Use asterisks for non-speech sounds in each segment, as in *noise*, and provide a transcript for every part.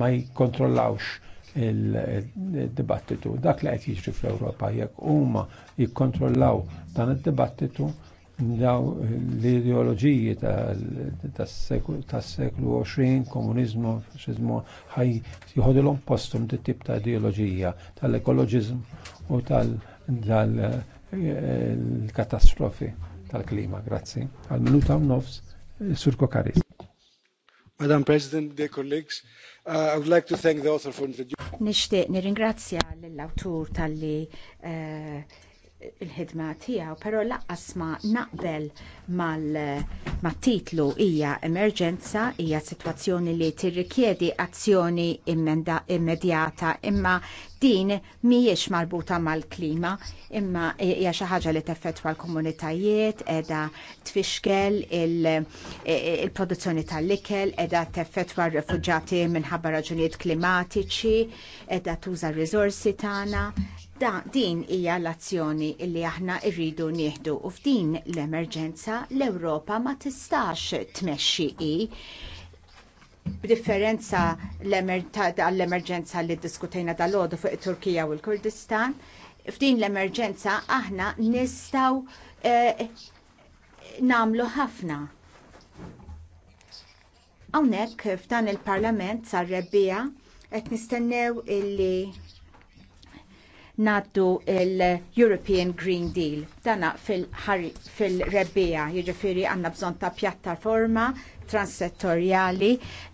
ma jikkontrollawx il-dibattitu. Dak li qed jiġri fl-Ewropa jekk huma jikkontrollaw dan id-dibattitu daw l-ideoloġiji tas-seklu 20, komuniżmu, faxizmu, ħaj jħodilhom postum di tip ta' ideoloġija tal-ekoloġiżm u tal-katastrofi tal-klima. Grazzi. Għal-minuta u nofs, Surko Karis. Madam President, dear colleagues, uh, I would like to thank the author for introducing. Nishtiq nirringrazzja l autur tal-li uh, il-ħidma tiegħu, però laqqas ma naqbel mat-titlu hija emerġenza, hija sitwazzjoni li tirrikjedi azzjoni immedjata, imma din mhijiex marbuta mal-klima, imma hija xi ħaġa li teffettwa l-komunitajiet, qeda tfixkel il-produzzjoni tal-ikel, qiegħda teffettwa r-refuġġati minħabba raġunijiet klimatiċi, qiegħda tuża r-riżorsi tagħna, Da, din hija l-azzjoni li aħna rridu nieħdu u f'din l-emerġenza l-Ewropa ma tistax tmexxi i b'differenza l-emerġenza li diskutejna dal-għodu fuq it Turkija u l-Kurdistan, f'din l-emerġenza aħna nistaw eh, namlu ħafna. Hawnhekk f'dan il-Parlament sar-rebbija qed nistennew illi naddu il-European Green Deal. Dana fil-rebbija, fil jiġifieri għandna bżonn ta' pjattaforma transsettorjali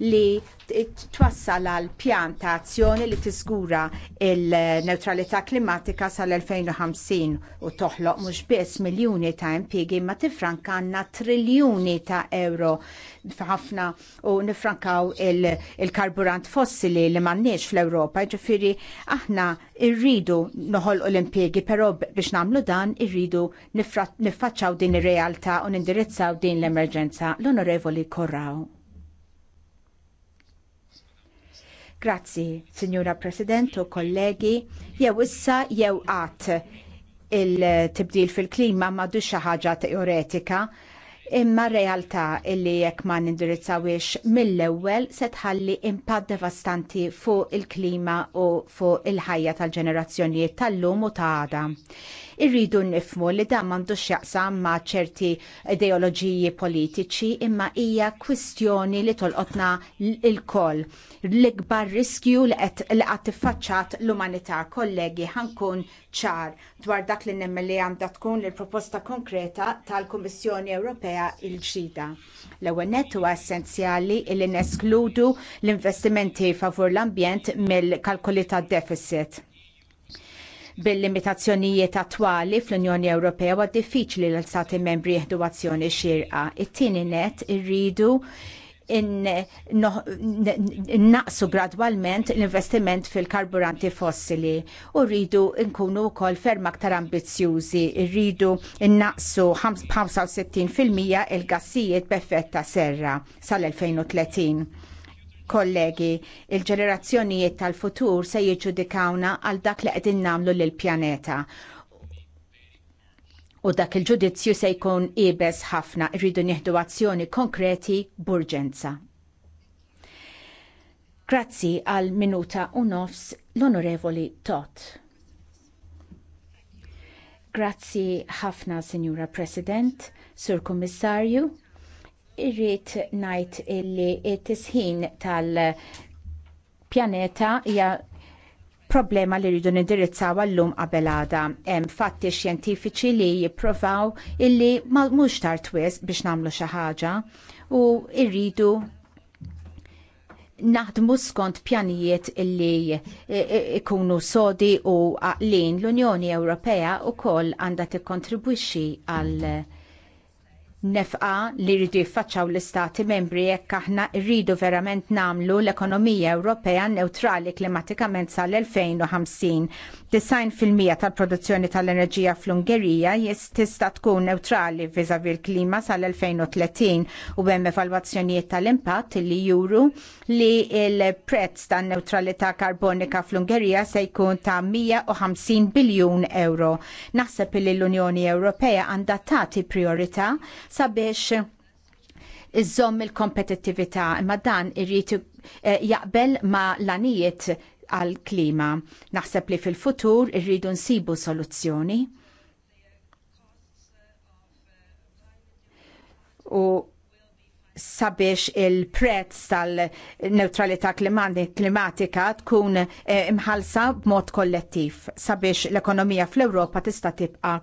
li twassal għal pjan ta' azzjoni li tiżgura il-neutralità klimatika sal-2050 u toħloq mhux biss miljuni ta' impjiegi ma tifranka għandna triljuni ta' euro ħafna u nifrankaw il-karburant fossili li m'għandniex fl-Ewropa, ġifieri aħna rridu noħolqu l-impjiegi, però biex nagħmlu dan irridu niffaċċaw din ir-realtà u nindirizzaw din l-emerġenza. L-Onorevoli Korraw. Grazzi, Signora President u kollegi, jew issa jew għat il-tibdil fil-klima madu ħaġa teoretika imma realtà illi jekk ma nindirizzawiex mill-ewwel se tħalli impatt devastanti fuq il-klima u fuq il-ħajja tal-ġenerazzjonijiet tal-lum u ta' għada irridu nifmu li dan m'għandux jaqsam ma' ċerti ideologiji politiċi imma hija kwistjoni li tolqotna il koll L-ikbar riskju li qed tiffaċċat l-umanità kollegi ħankun ċar dwar dak li nemmel li għandha tkun il-proposta konkreta tal-Kummissjoni Ewropea il-ġdida. L-ewwel huwa essenzjali li neskludu l-investimenti favur l-ambjent mill kalkuli tad-deficit bil-limitazzjonijiet attwali fl-Unjoni Ewropea huwa diffiċli l stati membri jihdu azzjoni xirqa. It-tieni net irridu naqsu gradwalment l-investiment fil-karburanti fossili u rridu nkunu wkoll ferm aktar ambizzjużi, rridu naqsu 65% il-gassijiet b'effett ta' serra sal-2030 kollegi, il-ġenerazzjonijiet tal-futur se jiġġudikawna għal dak li qegħdin nagħmlu lill-pjaneta. U dak il-ġudizzju se jkun ibes ħafna irridu nieħdu azzjoni konkreti burġenza. Grazzi għal minuta u nofs l-Onorevoli Tot. Grazzi ħafna, Signora President, Sur Kummissarju irrid ngħid illi t-tisħin tal-pjaneta hija problema li rridu nindirizzaw għallum qabelada. Hemm fatti xjentifiċi li jippruvaw illi mhux tard wisq biex nagħmlu xi ħaġa u rridu naħdmu skont pjanijiet illi e, e, ikunu sodi u għaqlin l-Unjoni Ewropea wkoll għandha tikkontribwixxi għal nefqa li rridu jiffaċċaw l-istati membri jekk aħna rridu verament namlu l-ekonomija Ewropea neutrali klimatikament sal-2050. 90% tal-produzzjoni tal-enerġija fl-Ungerija jistista tkun neutrali vizavi l-klima sal-2030 u hemm evalwazzjonijiet tal-impatt li juru li il-prezz ta' neutralità karbonika fl-Ungerija se jkun ta' 150 biljun euro. Naħseb li l-Unjoni Ewropea għandha tagħti priorità sabiex iżomm il-kompetittività imma dan irrid eh, jaqbel ma' lanijiet għal-klima. Naħseb li fil-futur irridu nsibu soluzzjoni. u sabiex il-prezz tal-neutralità klimatika tkun eh, imħalsa b'mod kollettiv sabiex l-ekonomija fl-Ewropa tista' tibqa'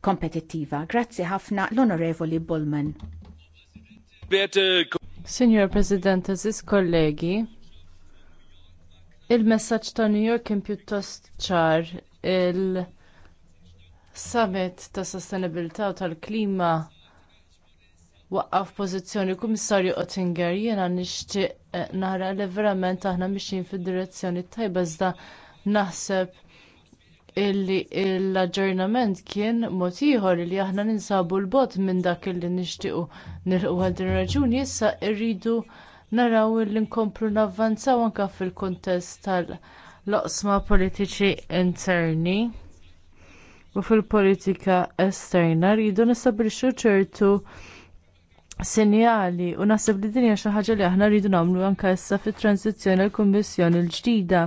kompetittiva. Grazzi ħafna l-Onorevoli Bullman. Signor President, aziz kollegi, il-messaġġ ta' New York kien pjuttost ċar il-summit ta' sostenibilità u tal-klima waqqaf pożizzjoni kummissarju Oettinger jiena nixtieq eh, nara li verament aħna mixjin fid-direzzjoni tajba iżda naħseb illi l-aġġornament kien mod ieħor li aħna ninsabu l bogħod minn dak illi nixtiequ nilqu għal din raġuni issa rridu naraw li nkomplu navvanzaw anke fil-kuntest tal-loqsma politiċi interni u fil-politika esterna rridu nistabilixxu ċertu sinjali u naħseb li dinja xi ħaġa li aħna rridu nagħmlu anke issa fit-tranzizzjoni għall kummissjoni l-ġdida.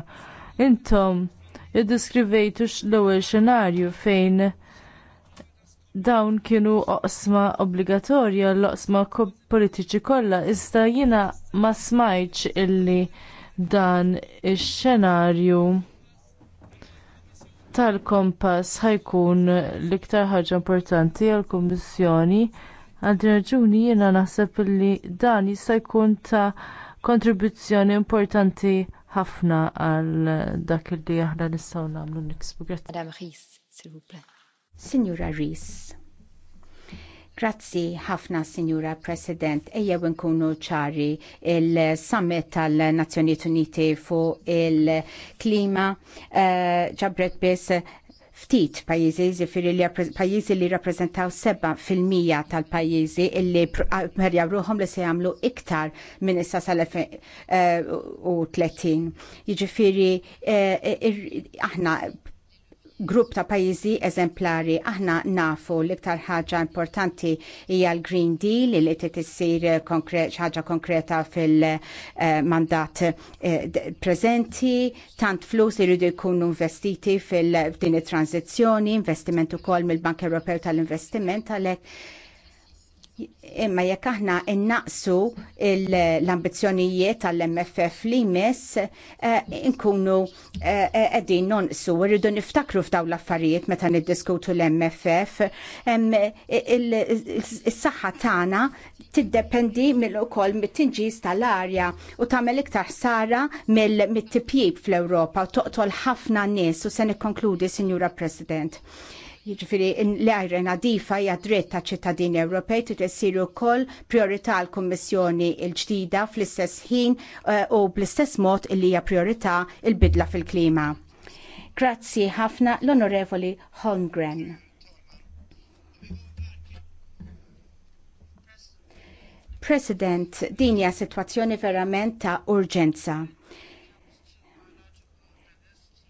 Intom iddiskrivejtu l-ewwel xenarju fejn dawn kienu oqsma obbligatorja l-oqsma politiċi kollha iżda jiena ma smajtx illi dan ix-xenarju tal-kompass ħajkun l-iktar ħaġa importanti għall-Kummissjoni Għal raġuni jiena naħseb li dan jista' jkun ta' kontribuzzjoni importanti ħafna għal dak li aħna nistgħu nagħmlu niksbu. Madam Ries, s'il Signora Ries. Grazzi ħafna, Signora President. Ejjew nkunu ċari il-summit tal-Nazzjonijiet Uniti fuq il-klima eh, ġabret biss ftit pajjiżi ġifieri li pajjiżi li fil 7% tal-pajjiżi illi perjaw ruhom li se jagħmlu iktar minn issa sal-2030. Eh, jiġifieri eh, eh, aħna grupp ta' pajjiżi eżemplari. Aħna nafu l-iktar ħaġa importanti hija l-Green Deal li trid issir ħaġa konkreta fil-mandat eh, preżenti, tant flus li jkunu investiti fil-din it-tranzizzjoni, investiment ukoll mill-Bank Ewropew tal-Investiment għalhekk Imma jekk aħna innaqsu l-ambizzjonijiet tal-MFF li jmiss eh, inkunu eh, qegħdin nonqsu rridu niftakru f'daw l-affarijiet meta niddiskutu l-MFF. Is-saħħa tagħna tiddependi mill ukoll mit-tinġis tal-arja u tagħmel iktar ħsara mit-tipjib fl-Ewropa u toqtol ħafna nies u se nikkonkludi, Sinjura President. Jiġifieri l-ajra nadifa hija dritt ta' ċittadini Ewropej trid issir wkoll priorità l kummissjoni l-ġdida fl-istess ħin eh, u bl-istess mod li hija priorità l-bidla fil-klima. Grazzi ħafna l-Onorevoli Holmgren. President, din hija sitwazzjoni verament ta' urġenza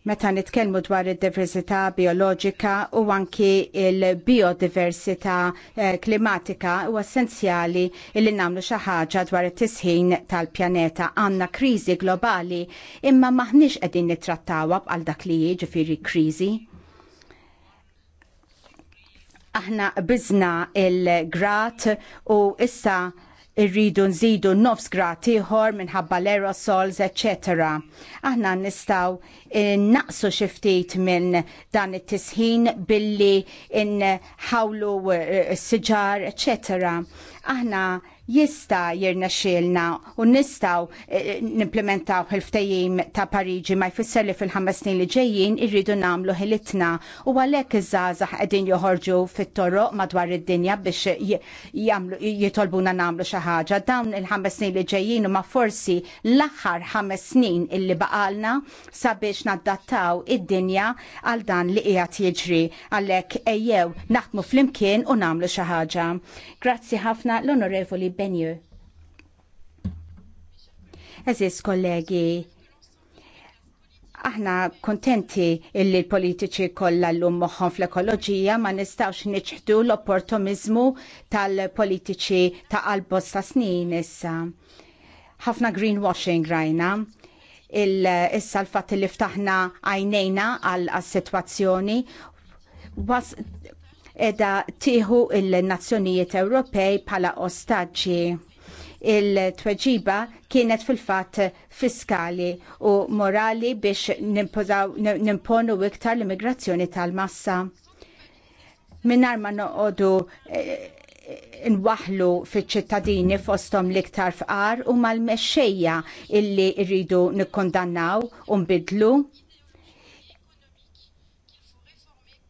Meta nitkellmu dwar id-diversità bioloġika u anki il-biodiversità eh, klimatika u essenzjali li nagħmlu xi ħaġa dwar it-tisħin tal-pjaneta għandna kriżi globali imma maħniex qegħdin nittrattawha bħal dak li jiġifieri kriżi. Aħna biżna il-grat u issa irridu nżidu nofs grad ieħor minħabba l-aerosols, etc. Aħna nistgħu eh, naqsu xi ftit minn dan it-tisħin billi ħawlu eh, s-siġar, etc. Aħna jista jirna xilna u nistaw eh, eh, nimplementaw il-ftajim ta' Pariġi ma' jfisser li fil-ħammas snin li ġejjin irridu namlu ħilitna u għalek iż-żazax għedin joħorġu fit-torroq madwar id-dinja biex jitolbuna namlu xaħġa. Dawn il-ħammas snin li ġejjin u ma' forsi l axar ħammas snin illi baqalna sabiex naddattaw id-dinja għal dan li qiegħed jiġri għalek ejjew naħdmu fl-imkien u namlu xaħġa. Grazzi ħafna l-onorevoli Michel Benjur. Eżis kollegi, aħna kontenti illi l-politiċi kollha llum moħħhom fl-ekoloġija ma nistgħux niċħdu l-opportunizmu tal-politiċi ta' qalbos ta' snin issa. Ħafna greenwashing rajna. issa l-fatt li ftaħna għajnejna għal-situazzjoni edha tieħu il-nazzjonijiet Ewropej bħala ostaġġi il-tweġiba kienet fil-fat fiskali u morali biex nimponu iktar l-immigrazzjoni tal-massa. Minnar ma noqodu eh, nwaħlu fil-ċittadini fostom liktar fqar u mal-mexxejja illi rridu nikkondannaw u nbidlu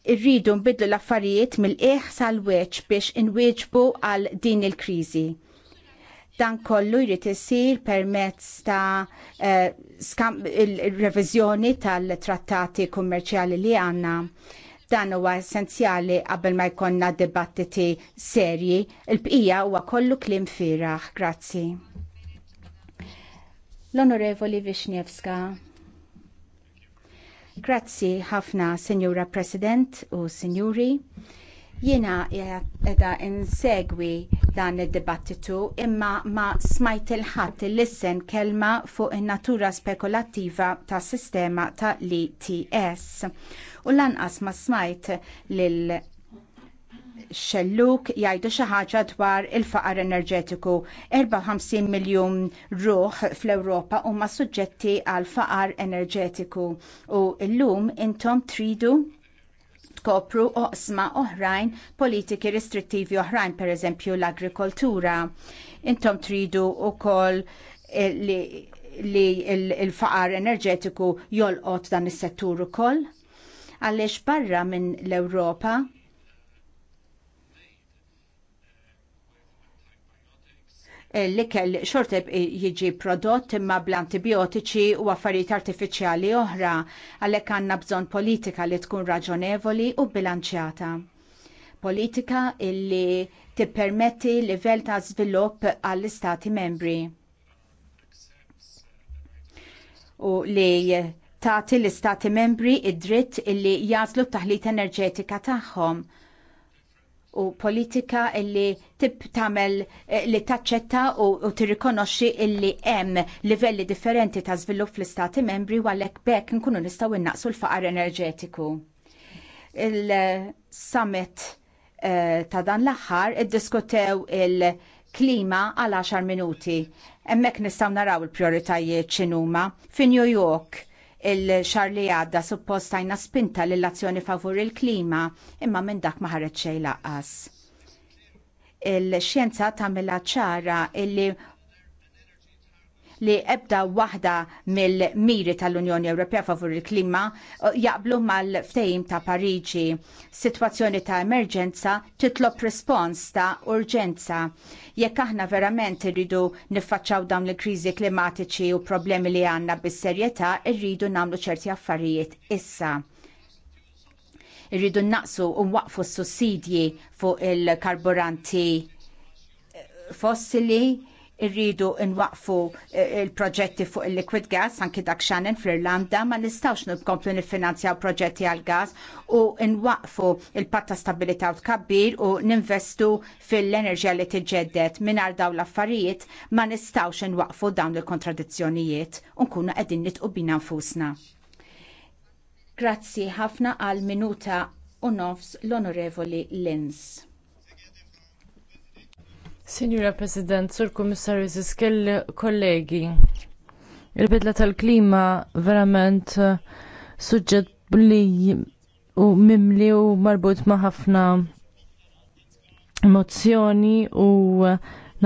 irridu nbidlu l-affarijiet mill-eħ sal-weċ biex inwieġbu għal din il-kriżi. Dan kollu jrid isir permezz ta' eh, il revizjoni tal-trattati kummerċjali li għandna. Dan huwa essenzjali qabel ma jkollna dibattiti serji. Il-bqija huwa kollu klim firaħ. Grazzi. L-Onorevoli Vishnevska. Grazzi ħafna, Sinjura President u Senjuri. Jiena edha insegwi dan id-dibattitu imma ma smajt il il lissen kelma fuq in-natura spekulattiva tas sistema ta' LTS. U lanqas ma smajt lil xelluk jgħidu xi ħaġa dwar il-faqar enerġetiku. 54 miljun ruħ fl-Ewropa huma suġġetti għal faqar enerġetiku u llum intom tridu tkopru oqsma oħrajn politiki restrittivi oħrajn, pereżempju l-agrikoltura. Intom tridu wkoll eh, li li il-faqar enerġetiku jolqot dan is-settur ukoll? Għaliex barra minn l-Ewropa Eh, l-ikel xorteb jiġi prodott imma bl-antibiotiċi u affarijiet artifiċjali oħra għalhekk għandna bżonn politika li tkun raġonevoli u bilanċjata. Politika illi tippermetti livell ta' żvilupp għall-istati membri u li tagħti l-istati membri id-dritt illi jażlu t-taħlit enerġetika tagħhom u politika illi tib tamel eh, li taċċetta u, u tirrikonoxxi illi hemm livelli differenti ta' żvilupp fl-istati membri għalhekk bekk nkunu nistgħu innaqsu l-faqar enerġetiku. Il-summit uh, ta' dan l-aħħar iddiskutew il- klima għal 10 minuti. Emmek nistaw naraw il-prioritajiet ċinuma fi New York il-xar li għadda suppostajna spinta l-azzjoni favur il-klima imma minn dak ma ħareġ laqqas il-xjenza tagħmilha ċara illi li ebda waħda mill-miri tal-Unjoni Ewropea favur il-klima uh, jaqblu mal-ftejim ta' Pariġi. Situazzjoni ta' emerġenza titlob respons ta' urġenza. Jekk aħna verament irridu niffaċċaw dawn il-kriżi klimatiċi u problemi li għandna bis-serjetà, irridu nagħmlu ċerti affarijiet issa irridu naqsu u waqfu s sussidji fuq il-karburanti fossili irridu nwaqfu eh, il-proġetti fuq il-liquid gas anki dak xanen fl-Irlanda ma nistawx nkomplu nifinanzjaw proġetti għal gas u nwaqfu il-patta stabilita u tkabbir u ninvestu fil-enerġija li tġeddet mingħajr dawn l-affarijiet ma nistawx nwaqfu dawn il-kontradizzjonijiet u nkunu qegħdin nitqu bina nfusna. Grazzi ħafna għal minuta u nofs l-Onorevoli Linz. Signora President, Sur Kummissarju Ziskel, kollegi, il-bidla tal-klima verament uh, suġġet li u mimli u marbut ma' ħafna emozzjoni u uh,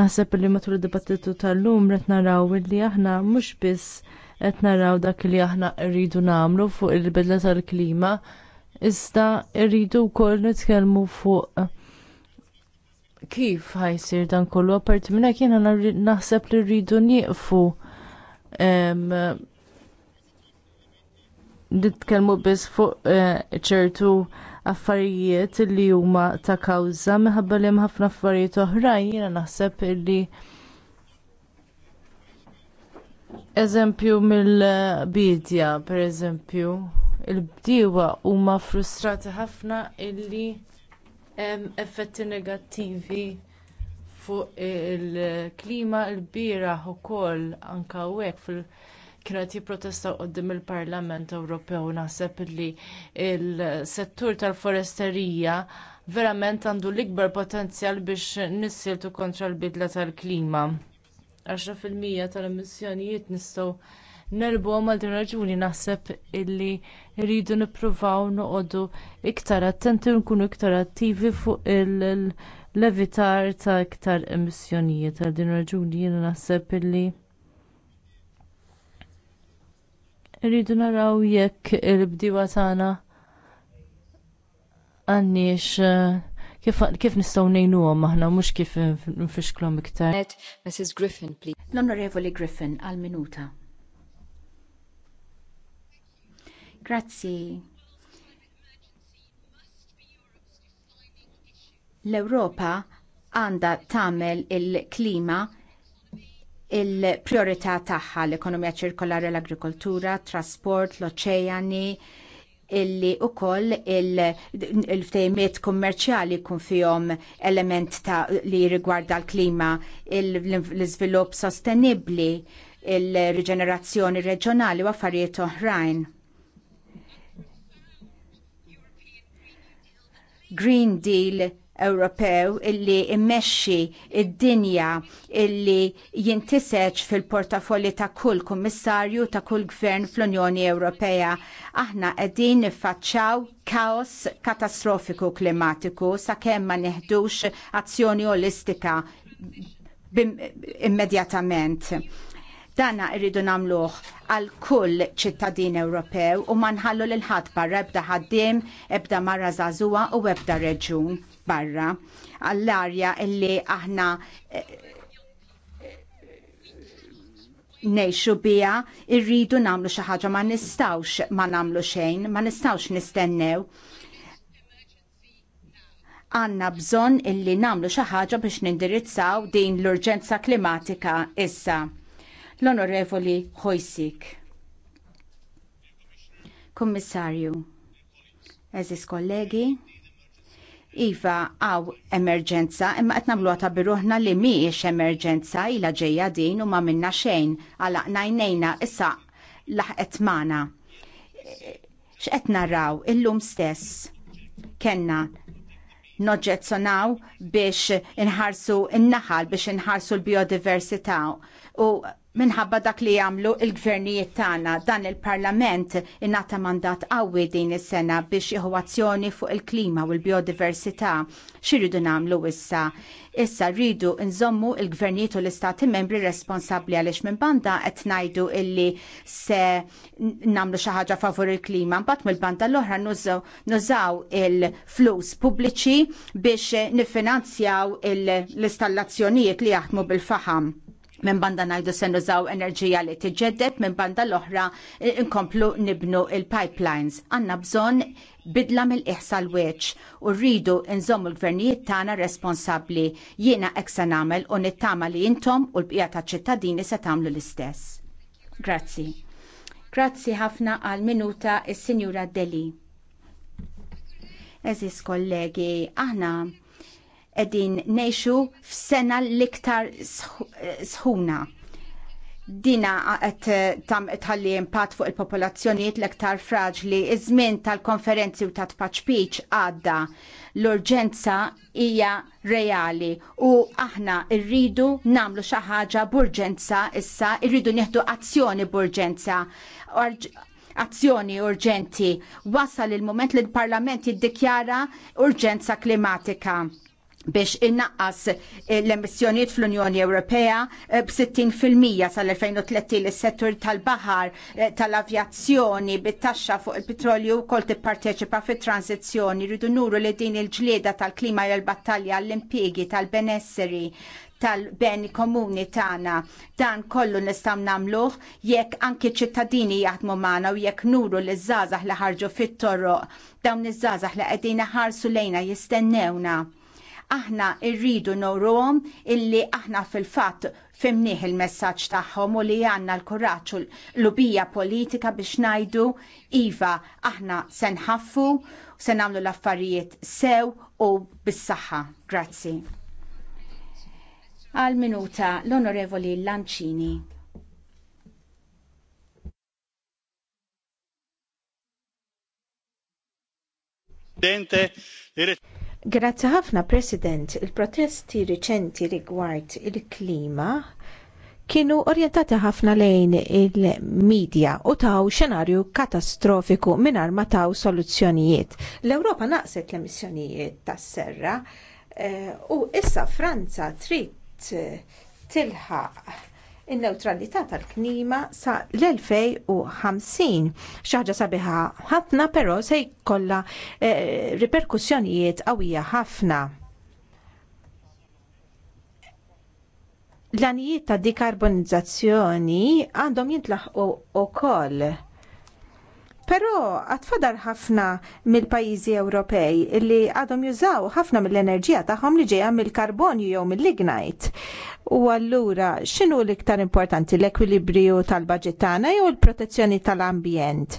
naħseb li matul id-dibattitu tal-lum ret naraw li aħna mhux biss qed naraw dak li aħna rridu nagħmlu fuq il-bidla tal-klima, iżda rridu wkoll nitkellmu fuq kif ħajsir dan kollu apparti minn hekk jiena naħseb li rridu nieqfu nitkellmu biss fuq eh, ċertu affarijiet li huma ta' kawża minħabba li hemm ħafna affarijiet oħrajn jiena naħseb li eżempju mill-bidja pereżempju il-bdiewa huma frustrati ħafna illi hemm effetti negattivi fuq il-klima l-bieraħ ukoll anke hawnhekk fil- jipprotesta qed quddiem il-Parlament Ewropew naħseb li s settur tal-foresterija verament għandu l-ikbar potenzjal biex nissieltu kontra l-bidla tal-klima. 10% tal-emissjonijiet nistgħu nerbuhom għal din raġuni naħseb illi rridu nippruvaw noqogħdu iktar attenti u nkunu iktar attivi fuq il-levitar ta' iktar emissjonijiet għal din raġuni jiena naħseb illi rridu naraw jekk il-bdiewa tagħna għandniex eh, kif, kif ngħinuhom aħna, mhux kif nfixklom iktar. Mrs. Griffin, please. L-Onorevoli Griffin, għal-minuta. Grazzi. L-Ewropa għandha tagħmel il-klima il prijorità tagħha l-ekonomija ċirkolari l-agrikoltura, trasport, l-oċeani, illi wkoll il-ftejmiet kummerċjali jkun fihom element ta' li jirrigwarda l-klima, l iżvilupp sostenibbli, il-riġenerazzjoni reġjonali u affarijiet oħrajn. Green Deal Ewropew illi immexxi id-dinja illi jintiseġ fil-portafolli ta' kull kummissarju ta' kull gvern fl-Unjoni Ewropea. Aħna qegħdin niffaċċaw kaos katastrofiku klimatiku sakemm ma neħdux azzjoni olistika immedjatament Dana irridu namluħ għal kull ċittadin Ewropew u ma nħallu lil barra ebda ħaddim ebda marra zazua u ebda reġun barra. Għall-arja illi aħna eh, nejxu bija irridu namlu xi ħaġa ma nistawx ma namlu xejn, ma nistawx nistennew. Għanna bżon illi namlu xi ħaġa biex nindirizzaw din l-urġenza klimatika issa l-Onorevoli Hojsik. Kommissarju, eżis kollegi, Iva, għaw emerġenza, imma qed nagħmluha ta' biruħna li mhijiex emerġenza ila ġejja din u ma minna xejn għala najnejna issa laħqet magħna. X'qed narraw illum stess kenna sonaw biex inħarsu in-naħal biex inħarsu l-biodiversità u minħabba dak li jagħmlu il-gvernijiet tagħna dan il-Parlament ingħata mandat qawwi din is-sena biex jieħu azzjoni fuq il-klima u l-biodiversità. X'iridu nagħmlu issa? Issa rridu nżommu il-gvernijiet u l-istati membri responsabbli għaliex minn banda qed ngħidu illi se nagħmlu xi ħaġa favur il-klima, mbagħad mill-banda l-oħra nużaw il-flus pubbliċi biex nifinanzjaw l-installazzjonijiet li jaħdmu bil-faħam minn banda najdu se nużaw enerġija li tiġġedded, minn banda l-oħra eh, inkomplu nibnu il-pipelines. Għanna bżon bidla mill-iħsa l-weċ u rridu nżommu l-gvernijiet tagħna responsabbli jiena hekk se nagħmel u nittama li intom u l-bqija taċ-ċittadini se tagħmlu l-istess. Grazzi. Grazzi ħafna għal minuta is-Sinjura Deli. Eżis kollegi, aħna edin neħxu f'sena l-iktar eh, sħuna. Dina għet eh, tam tħalli impat fuq il-popolazzjoniet l-iktar fraġli, iż-żmien tal-konferenzi u ta' tpaċpiċ għadda l-urġenza hija reali u aħna rridu namlu xi ħaġa b'urġenza issa, rridu nieħdu azzjoni b'urġenza azzjoni urġenti. Wasal il-moment li l-Parlament jiddikjara urġenza klimatika biex innaqqas l-emissjonijiet fl-Unjoni Ewropea eh, b-60% sal-2030 l settur tal-bahar, eh, tal-avjazzjoni, bit-taxxa fuq il-petrolju wkoll tipparteċipa fit transizzjoni rridu nuru li din il-ġlieda tal-klima l battalja l impiegi tal-benesseri tal-beni komuni tagħna. Dan kollu nistgħu nagħmluh jekk anki ċittadini jaħdmu magħna u jekk nuru li żgħażagħ li ħarġu fit-torroq dawn iż-żgħażagħ li qegħdin ħarsu lejna jistennewna aħna rridu nowruhom illi aħna fil-fatt fimniħ il-messaġġ tagħhom u li għandna l-kuraġġ u l lubija politika biex ngħidu iva aħna se nħaffu se nagħmlu l-affarijiet sew u bis-saħħa. Grazzi. Għal minuta l-Onorevoli Lancini. Presidente, Grazzi ħafna, President. Il-protesti riċenti rigward il-klima kienu orjentati ħafna lejn il-medja u taw xenarju katastrofiku mingħajr ma taw soluzzjonijiet. L-Ewropa naqset l-emissjonijiet tas-serra eh, u issa Franza trid eh, tilħaq in-neutralità tal knima sa l-2050. ħaġa sabiħa ħafna però se jkollha eh, riperkussjonijiet qawwija ħafna. L-anijiet ta' dekarbonizzazzjoni għandhom jintlaħqu wkoll. Però għatfadar ħafna mill-pajizi Ewropej li għadhom jużaw ħafna mill-enerġija tagħhom li ġejja mill-karbonju jew mill-lignajt. U allura x'inhu l-iktar importanti l-ekwilibrju tal-baġit tagħna jew l-protezzjoni tal-ambjent?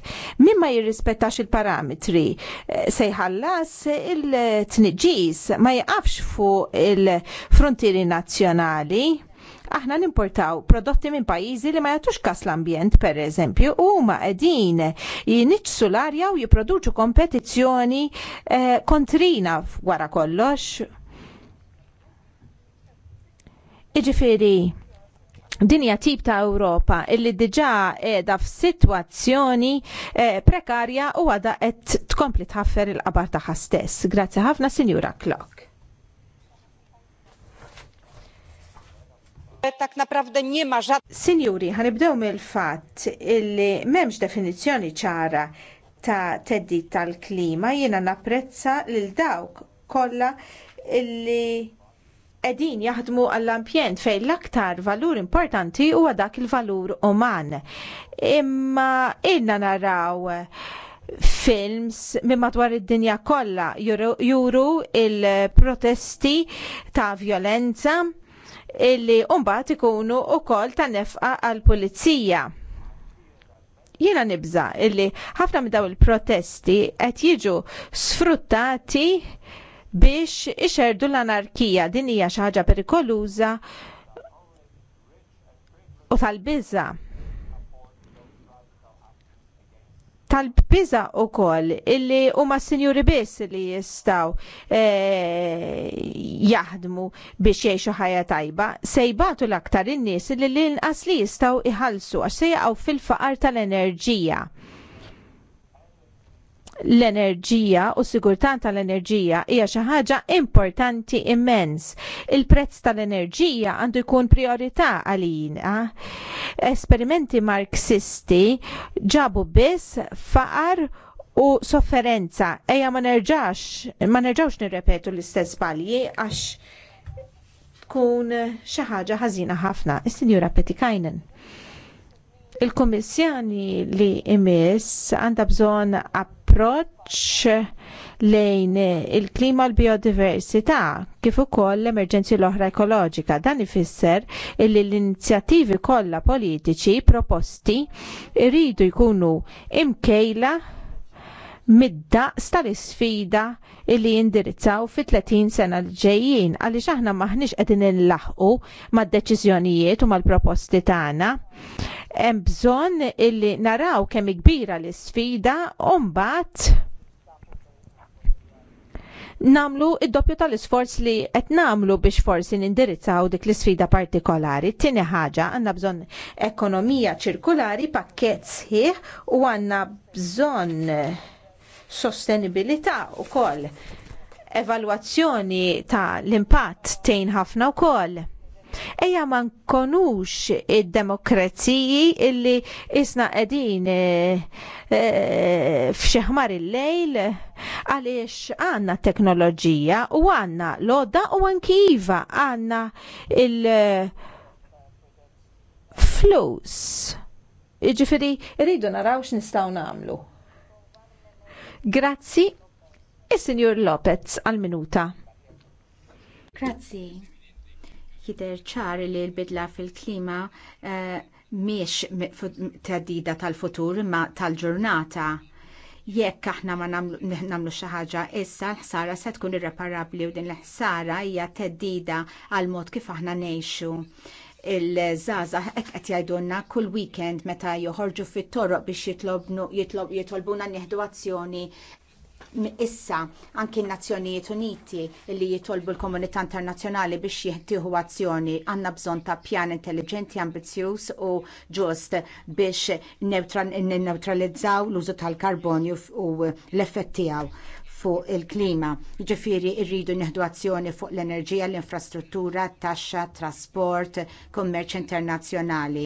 Min ma jirrispettax il-parametri eh, se jħallas il-tniġis ma jaqafx fuq il-frontieri nazzjonali aħna nimportaw prodotti minn pajjiżi li ma jagħtux kas l-ambjent pereżempju, huma qegħdin jiniċċu l-arja u jipproduċu kompetizzjoni eh, kontrina wara kollox. Iġifiri, dinja tip ta' Ewropa illi diġà qiegħda f'sitwazzjoni eh, prekarja u għada qed tkompli tħaffer il-qabar tagħha stess. Grazzi ħafna, Sinjura Klok. tak naprawdę nie ma żad... Sinjuri, ħanibdew mill-fatt illi m'hemmx definizzjoni ċara ta' teddi tal-klima jiena napprezza lil dawk kollha illi edin jaħdmu għall-ambjent fejn l-aktar valur importanti huwa dak il-valur uman. Imma inna naraw films minn madwar id-dinja kollha juru il-protesti ta' violenza illi mbagħad ikunu wkoll ta' nefqa għall-pulizija. Jiena nibża illi ħafna minn daw il-protesti qed jiġu sfruttati biex ixerdu l-anarkija din hija xi ħaġa perikoluża u tal-biża. tal-biża wkoll illi huma s-sinjuri biss li jistgħu eh, jaħdmu biex jgħixu ħajja tajba se jbatu l-aktar in-nies li l-inqas li jistgħu iħallsu għax se jaqgħu fil-faqar tal-enerġija l-enerġija u sigurtà tal-enerġija hija xi ħaġa importanti immens. Il-prezz tal-enerġija għandu jkun priorità għalina. Esperimenti marxisti ġabu biss faqar u sofferenza. Ejja ma nerġax, ma nerġawx nirrepetu l-istess balji għax tkun xi ħaġa ħażina ħafna. Is-Sinjura Petikajnen. Il-Kummissjoni li imiss għandha bżonn approċċ lejn il-klima l biodiversità kif ukoll l-emerġenzi l-oħra ekoloġika. Dan ifisser li l-inizjattivi kollha politiċi proposti jridu jkunu imkejla mid-daqs tal-isfida illi jindirizzaw fi 30 sena l-ġejjin għaliex aħna maħniex qegħdin inlaħqu mad-deċiżjonijiet u mal-proposti tagħna. Hemm bżonn illi naraw kemm kbira l-isfida u mbagħad namlu id-doppju tal-isforz li qed namlu biex forsi nindirizzaw dik l-isfida partikolari. Tieni ħaġa għandna bżonn ekonomija ċirkulari, pakkett sħiħ u għandna bżonn sostenibilità wkoll. Evalwazzjoni ta' l-impatt tejn ħafna wkoll. Ejja ma nkonux id-demokraziji illi isna qegħdin eh, eh, f'xeħmar il-lejl għaliex għandna t teknoloġija u għandna l u anki iva għandna il-flus. Jiġifieri rridu naraw x'nistgħu nagħmlu. Grazzi, is-Sinjur Lopez għal-minuta. Grazzi. Jider ċar li l-bidla fil-klima uh, miex tadida tal-futur ma tal-ġurnata jekk aħna ma nagħmlu xi ħaġa issa l-ħsara se tkun irreparabbli u din l-ħsara hija teddida għal mod kif aħna ngħixu il-żaza hekk qed jgħidulna kull weekend meta joħorġu fit torroq biex jitolbuna nieħdu azzjoni issa anki n-Nazzjonijiet Uniti li jitolbu l-komunità internazzjonali biex jittieħu azzjoni għandna bżonn ta' pjan intelligenti, ambizzjuż u ġust biex neutralizzaw l-użu tal-karbonju u l-effett tiegħu fuq il-klima. Ġifiri rridu nieħdu azzjoni fuq l-enerġija, l-infrastruttura, taxxa, trasport, kummerċ internazzjonali.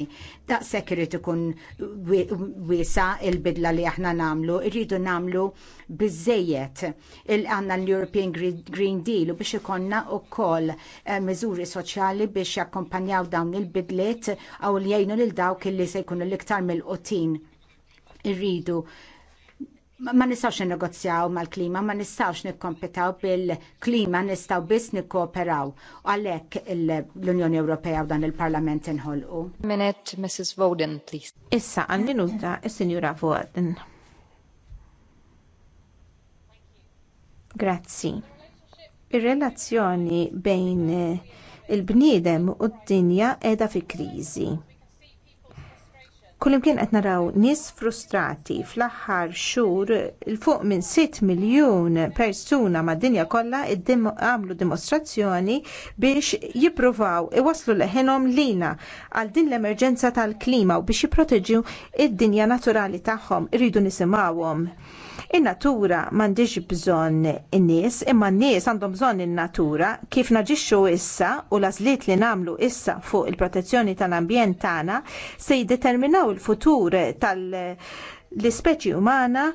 Daqshekk irid ikun wiesa il-bidla li aħna nagħmlu, irridu nagħmlu biżżejjed il-għanna l-European Green Deal u biex ikonna wkoll eh, miżuri soċjali biex jakkompanjaw dawn il-bidliet għaw li jgħinu lil dawk li se jkunu l-iktar mill-qotin irridu ma nistawx negozjaw mal-klima, ma nistawx nikkompetaw bil-klima, nistaw biss nikkooperaw. U għalhekk l-Unjoni Ewropea u dan il-Parlament inħolqu. Minute, Mrs. Voden, please. Issa, għal minuta, is-Sinjura Voden. Grazzi. Ir-relazzjoni bejn eh, il-bniedem u d-dinja qiegħda fi kriżi Kullimkien qed naraw nies frustrati fl-aħħar xhur fuq minn 6 miljun persuna mad-dinja kollha għamlu dimostrazzjoni biex jippruvaw iwasslu leħenhom lina għal din l-emerġenza tal-klima u biex jipproteġu id-dinja naturali tagħhom irridu nisimgħuhom. In-natura m'għandix bżonn in-nies, imma n-nies għandhom bżonn in-natura kif naġixxu issa u l-għażliet li nagħmlu issa fuq il-protezzjoni tal-ambjent tagħna se jiddeterminaw il-futur tal- l-ispeċi umana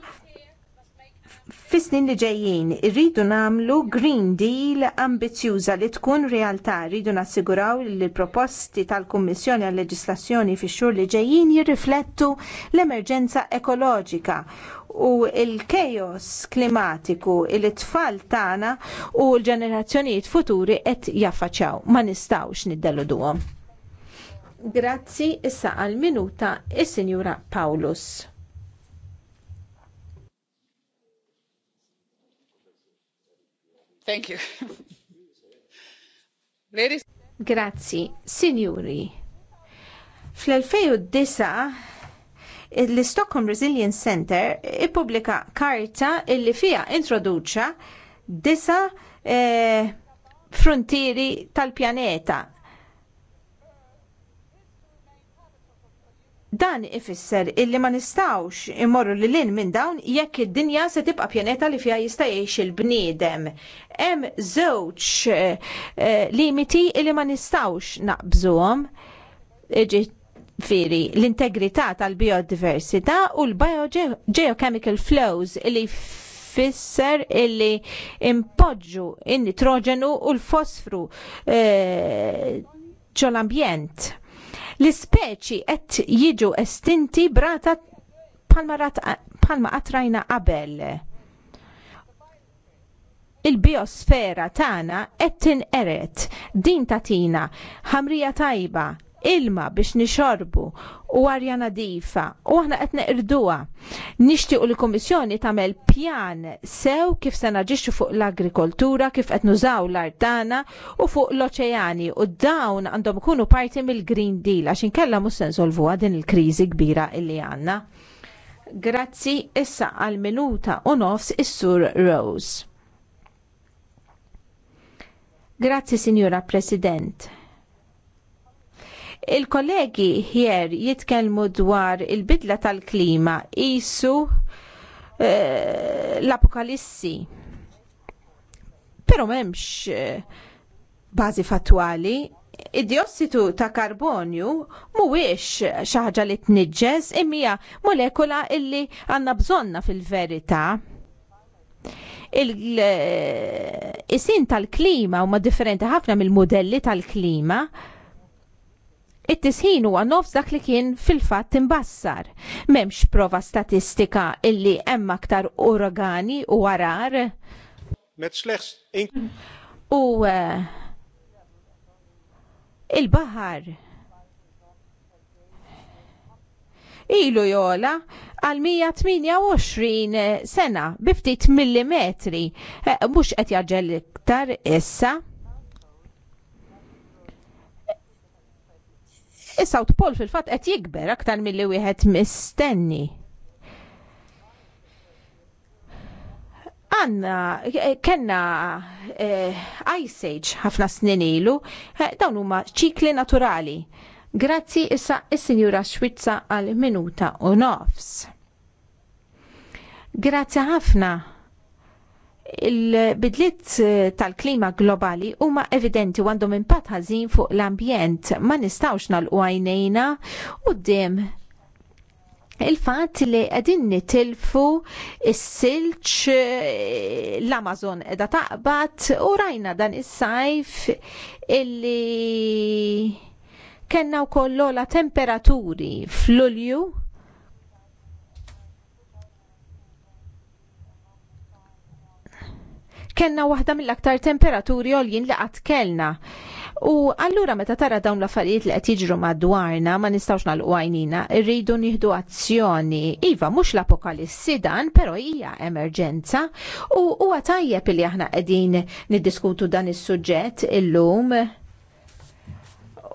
Fis-snin li ġejjin irridu nagħmlu Green Deal ambizjuża li tkun realtà, rridu nassiguraw li l-proposti tal-Kummissjoni għal leġislazzjoni fix-xhur li ġejjin jirriflettu l-emerġenza ekoloġika u l-kejos klimatiku il tfal tagħna u l-ġenerazzjonijiet futuri qed jaffaċċjaw. Ma nistgħux niddeluduhom. Grazzi issa għal minuta is-Sinjura Paulus. Thank you. *laughs* Ladies... Grazzi, signori. Fl-2009 l-Stockholm Resilience Center ippubblika karta illi fija introduċa disa eh, frontieri tal-pjaneta Dan ifisser illi ma nistawx immorru li lin minn dawn jekk id-dinja se tibqa' pjaneta li fiha jista' jgħix il-bniedem. Hemm żewġ eh, eh, limiti illi ma nistawx naqbżuhom. E, Firi, l-integrità tal-biodiversità u l-biogeochemical flows li fisser illi impoġġu in-nitrogenu u l-fosfru ċol-ambjent. Eh, L-ispeċi qed jiġu estinti brata palma qatrajna qabel. Il-biosfera tagħna qed tinqeret din tatina ħamrija tajba ilma biex nixorbu u arja nadifa u aħna qed neqirduha. Nixtiequ l kummissjoni tagħmel pjan sew kif se naġixxu fuq l-agrikoltura, kif qed nużaw l artana u fuq l-oċeani u dawn għandhom ikunu parti mill-Green Deal għax inkella mhux se nsolvuha din il-kriżi kbira illi għandna. Grazzi issa għal minuta u nofs is-Sur Rose. Grazzi, Signora President. Il-kollegi hier jitkellmu dwar il-bidla tal-klima qisu eh, l-apokalissi. Però m'hemmx eh, bażi fatwali id-diossitu ta' karbonju mhuwiex xi ħaġa li tniġġes imija molekula illi għandna bżonna fil-verità. Il-isin eh, tal-klima huma differenti ħafna mill-modelli tal-klima. tal klima it-tisħin huwa nofs dak li kien fil-fatt imbassar. M'hemmx prova statistika illi hemm aktar uragani u arar. U eh, il-baħar ilu jola għal 128 eh, sena biftit millimetri eh, mhux qed jaġġel iktar issa Is-South Pole fil-fatt qed jikber aktar milli wieħed mistenni. Għanna, kena eh, Ice Age ħafna snin ilu, eh, dawn huma ċikli naturali. Grazzi issa is-Sinjura Xwitza għal minuta u nofs. Grazzi ħafna il-bidliet eh, tal-klima globali huma evidenti u għandhom impatt ħażin fuq l-ambjent ma nistgħux nagħlqu għajnejna quddiem il-fatt li qegħdin nitilfu is-silġ eh, l-Amazon qiegħda taqbad u rajna dan is-sajf illi kellna wkoll la temperaturi fl-Ulju kellna waħda mill-aktar temperaturi għoljin li qatt kellna. U allura meta tara dawn l-affarijiet li qed jiġru madwarna ma nistgħux nagħlqu għajnina, irridu nieħdu azzjoni. Iva mhux l-apokalissi dan, però hija emerġenza u huwa tajjeb li aħna qegħdin niddiskutu dan is-suġġett illum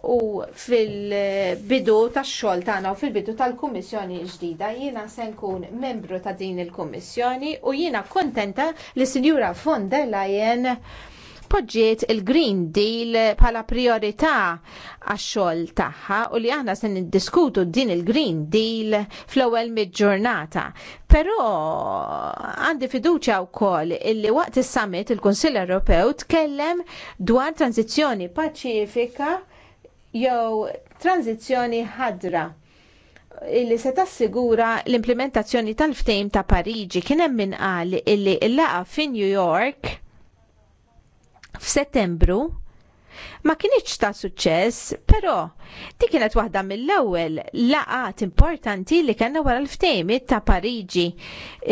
u fil-bidu tax-xogħol tagħna u fil-bidu tal-Kummissjoni ġdida jiena se nkun membru ta' din il-Kummissjoni u jiena kontenta li Sinjura von der Leyen poġġiet il-Green Deal bħala priorità għax-xogħol tagħha u li aħna se niddiskutu din il-Green Deal fl-ewwel mid-ġurnata. Però għandi fiduċja wkoll illi waqt is-summit il-Kunsill Ewropew tkellem dwar tranzizzjoni paċifika jew tranzizzjoni ħadra illi se tassigura l-implementazzjoni tal-ftejm ta' Pariġi kien hemm min qal illi l-laqa fi New York f'Settembru Ma kienieċ ta' suċċess, però di kienet waħda mill-ewwel laqat importanti li kellna wara l-ftejmiet ta' Pariġi.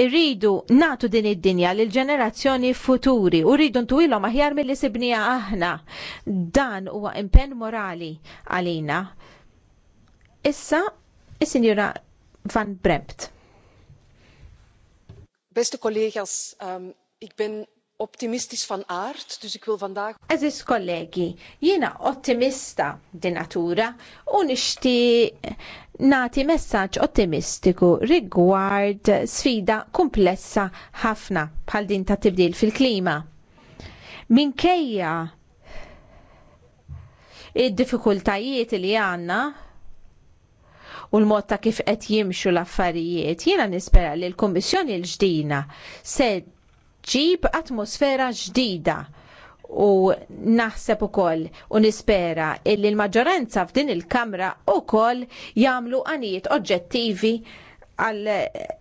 Irridu natu din id-dinja lil ġenerazzjoni futuri u rridu ntwilhom aħjar milli sibnija aħna. Dan huwa impenn morali għalina. Issa, is-Sinjura Van Brempt. Beste collega's, um, ik ben optimistisch van aard, dus ik wil vandaag... Aziz kollegi, jiena ottimista di natura u nixti nati messaġġ ottimistiku rigward sfida komplessa ħafna bħal din ta' tibdil fil-klima. Minkejja id-diffikultajiet li għanna u l-mod ta' kif qed jimxu l-affarijiet, jiena nispera li l-Kummissjoni l-ġdina se ġib atmosfera ġdida u naħseb ukoll u nispera illi l-maġġoranza f'din il-Kamra koll jagħmlu għanijiet oġġettivi għall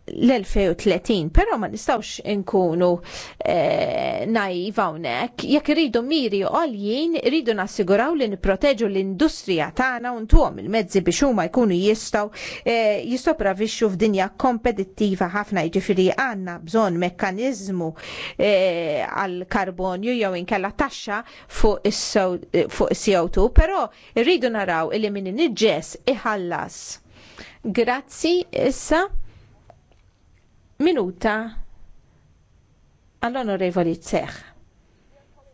2030 pero ma nistawx inkunu eh, naiva unek, jekk rridu miri għaljien, rridu nassiguraw li niproteġu l-industrija tagħna u ntuhom il-mezzi biex huma jkunu jistaw eh, jistopravixxu f'dinja kompetittiva ħafna jiġifieri għandna bżonn mekkaniżmu eh, għal eh, karbonju jew inkella taxxa fuq is-CO2, pero però rridu naraw li min niġġes iħallas Grazzi issa minuta all'onorevoli onorevoli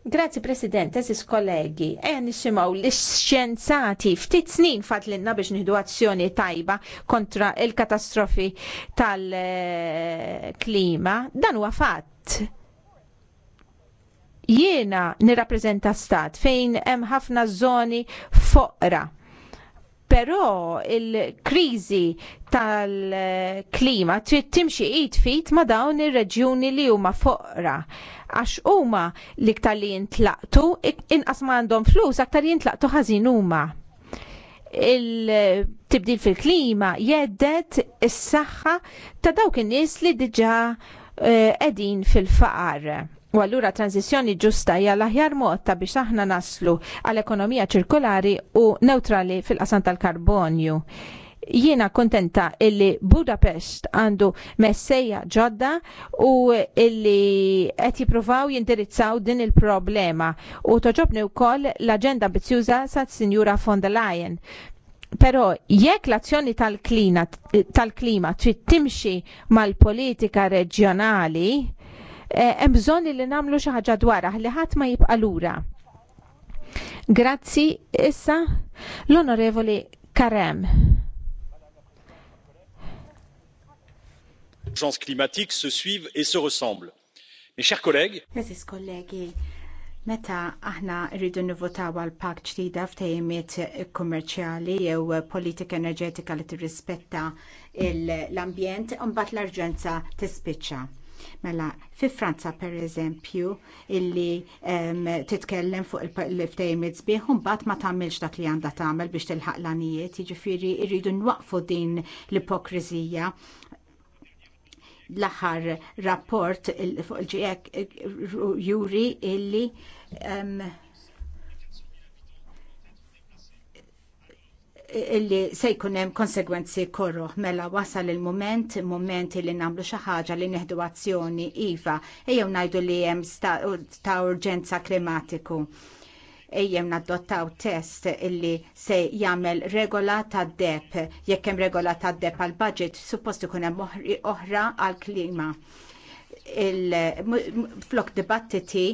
Grazie Grazzi President, kollegi, eja nisimaw l-xjenzati ftit snin fatlinna biex nħidu azzjoni tajba kontra il-katastrofi tal-klima. Dan huwa fatt. Jiena nirrappreżenta stat fejn hemm ħafna żoni foqra Però il-kriżi tal-klima trid timxi id fit ma' dawn ir-reġjuni li huma foqra għax huma l-iktar li jintlaqtu inqas ma għandhom flus aktar jintlaqtu ħażin huma. Il-tibdil fil-klima jeddet is-saħħa ta' dawk in-nies li diġà eh, qegħdin fil-faqar U allura tranzizjoni ġusta hija l-aħjar mod ta' biex aħna naslu għal ekonomija ċirkolari u neutrali fil-qasam tal-karbonju. Jiena kontenta illi Budapest għandu messejja ġodda u illi qed jippruvaw jindirizzaw din il-problema u toġobni wkoll l-aġenda ambizjuża sa' Sinjura von der Leyen Pero jekk l-azzjoni tal-klima tal trid timxi mal-politika reġjonali, Eh, hemm bżonn li nagħmlu xi ħaġa dwarha li ħadd ma jibqa' lura. Grazzi issa l-Onorevoli Karem. urgences klimatik se suivent et se ressemblent. Mes chers collègues, Meta aħna rridu nivvotaw għal pak ġdida f'tejmiet kummerċjali jew politika enerġetika li tirrispetta l-ambjent, mbagħad l-arġenza tispiċċa Mela, fi Franza per eżempju, illi titkellem fuq il-ftejmiet sbieħ, bat ma tagħmilx dak li għandha tagħmel biex tilħaq l-anijiet, jiġifieri rridu nwaqfu din l ipokrizija l-aħħar rapport fuq il-ġiek juri illi illi se jkun hemm konsegwenzi korroħ mela wasal il-moment, moment li nagħmlu xi ħaġa li neħdu azzjoni iva, ejjew ngħidu li hemm ta' urġenza klimatiku. Ejjem nadottaw test illi se jagħmel regola ta' deb, jekk hemm regola ta' deb għal budget suppost ikun hemm oħra għal klima. Il-flok dibattiti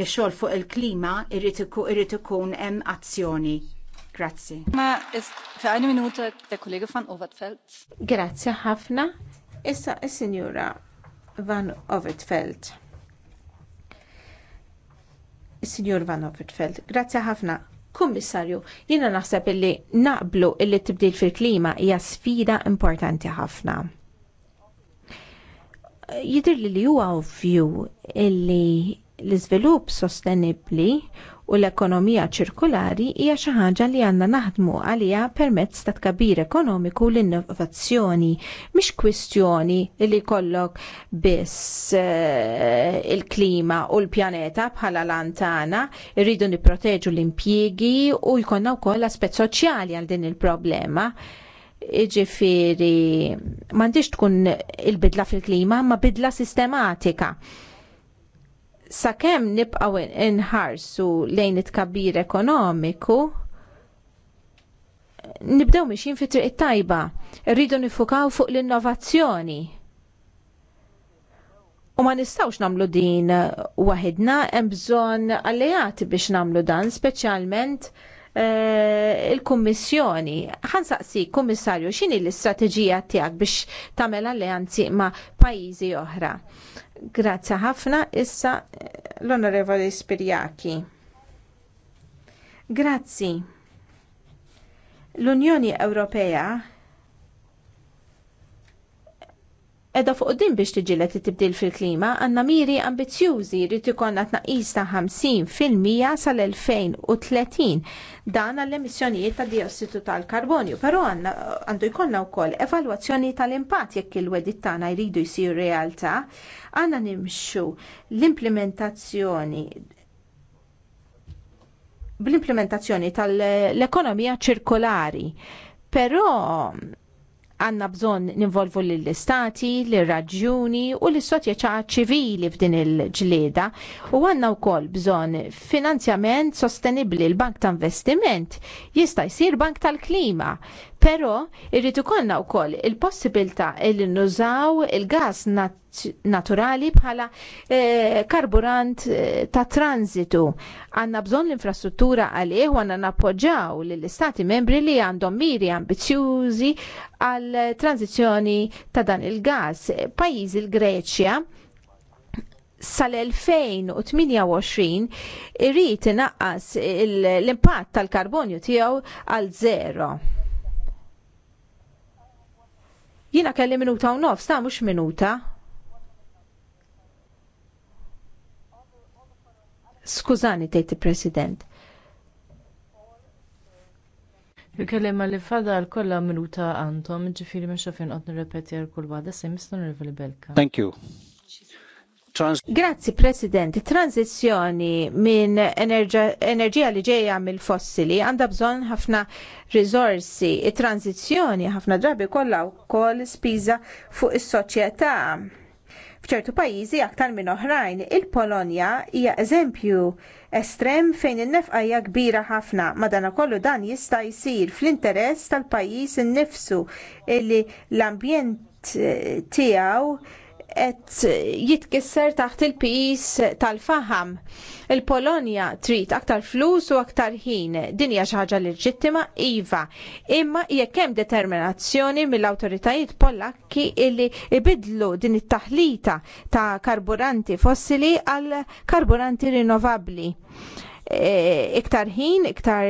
li xogħol fuq il-klima irrid ikun hemm azzjoni Grazzi. Ma fi minuta ta' kollega van Overtfeld. Grazzi ħafna. Issa is-sinjura van Overtfeld. Is-sinjur van Overtfeld. Grazzi ħafna. Kummissarju, jiena naħseb illi naqblu illi tibdil fil-klima hija sfida importanti ħafna. Jidir li li huwa ovvju illi l-iżvilupp sostenibbli u l-ekonomija ċirkulari hija xi ħaġa li għandna naħdmu għaliha permezz ta' tkabbir ekonomiku u l-innovazzjoni. Mhix kwistjoni li jkollok biss uh, il-klima u l-pjaneta bħala lantana, irridu nipproteġu l-impjiegi u jkollna wkoll aspett soċjali għal din il-problema Iġifieri m'għandix tkun il-bidla fil-klima, ma bidla sistematika sakemm nibqgħu inħarsu lejn it tkabbir ekonomiku, nibdew miexin fi triq tajba, rridu nifukaw fuq l-innovazzjoni. U ma nistawx namlu din wahidna, hemm bżonn alleati biex namlu dan, speċjalment Eh, il-Kummissjoni. Ħan saqsi, Kummissarju, x'inhi l-istrateġija tiegħek biex tagħmel alleanzi ma' pajjiżi oħra? Grazzi ħafna issa eh, l-Onorevoli Spirjaki. Grazzi. L-Unjoni Ewropea edha fuq din biex tiġilet it-tibdil fil-klima għandna miri ambizzjużi jrid ikollna tnaqqis ta' 50% sal-2030 dan għall-emissjonijiet ta' diossitu tal-karbonju, però għandu jkollna wkoll evalwazzjoni tal-impatt jekk il-wedit tagħna jridu jsiru realtà, għandna nimxu l-implementazzjoni bl-implementazzjoni tal-ekonomija ċirkolari. Però għanna bżon ninvolvu l-istati, l-raġjuni u l-soċjetà ċivili f'din il-ġlieda u għanna u kol bżon finanzjament sostenibli l-bank ta' investiment jista' jisir bank tal-klima. Pero irrid ikollna wkoll il-possibilità il nużaw il-gas nat naturali bħala eh, karburant eh, ta' transitu. Għanna bżon l-infrastruttura għalih u għanna nappoġġaw l-istati membri li għandhom miri ambizjużi għal tranzizjoni ta' dan il-gas. Pajiz il-Greċja sal-2028 irrit inaqqas l-impatt tal-karbonju tiegħu għal zero. Jina kelli minuta u nofs, ta' mux minuta. Skużani, tgħid il-President. Il-kelima li fadal kolla minuta għandhom, ġifiri ma xafin għot nirrepeti għal kull għada, se mislu il belka. Thank you. Trans Grazzi President, transizjoni minn enerġija li ġejja mill-fossili għandha bżonn ħafna rizorsi, it ħafna drabi kollha wkoll spiża fuq is-soċjetà f'ċertu pajjiżi aktar minn oħrajn. Il-Polonja hija eżempju estrem fejn in-nefqa hija kbira ħafna. Madanakollu dan jista' jsir fl-interess tal-pajjiż innifsu illi l-ambjent eh, tiegħu qed jitkisser taħt il-pis tal-faham. Il-Polonja trid aktar flus u aktar ħin. Din hija xi ħaġa leġittima iva. Imma jekk hemm determinazzjoni mill-awtoritajiet Pollakki illi ibidlu din it-taħlita ta' karburanti fossili għal karburanti rinnovabbli. Eh, iktar ħin, iktar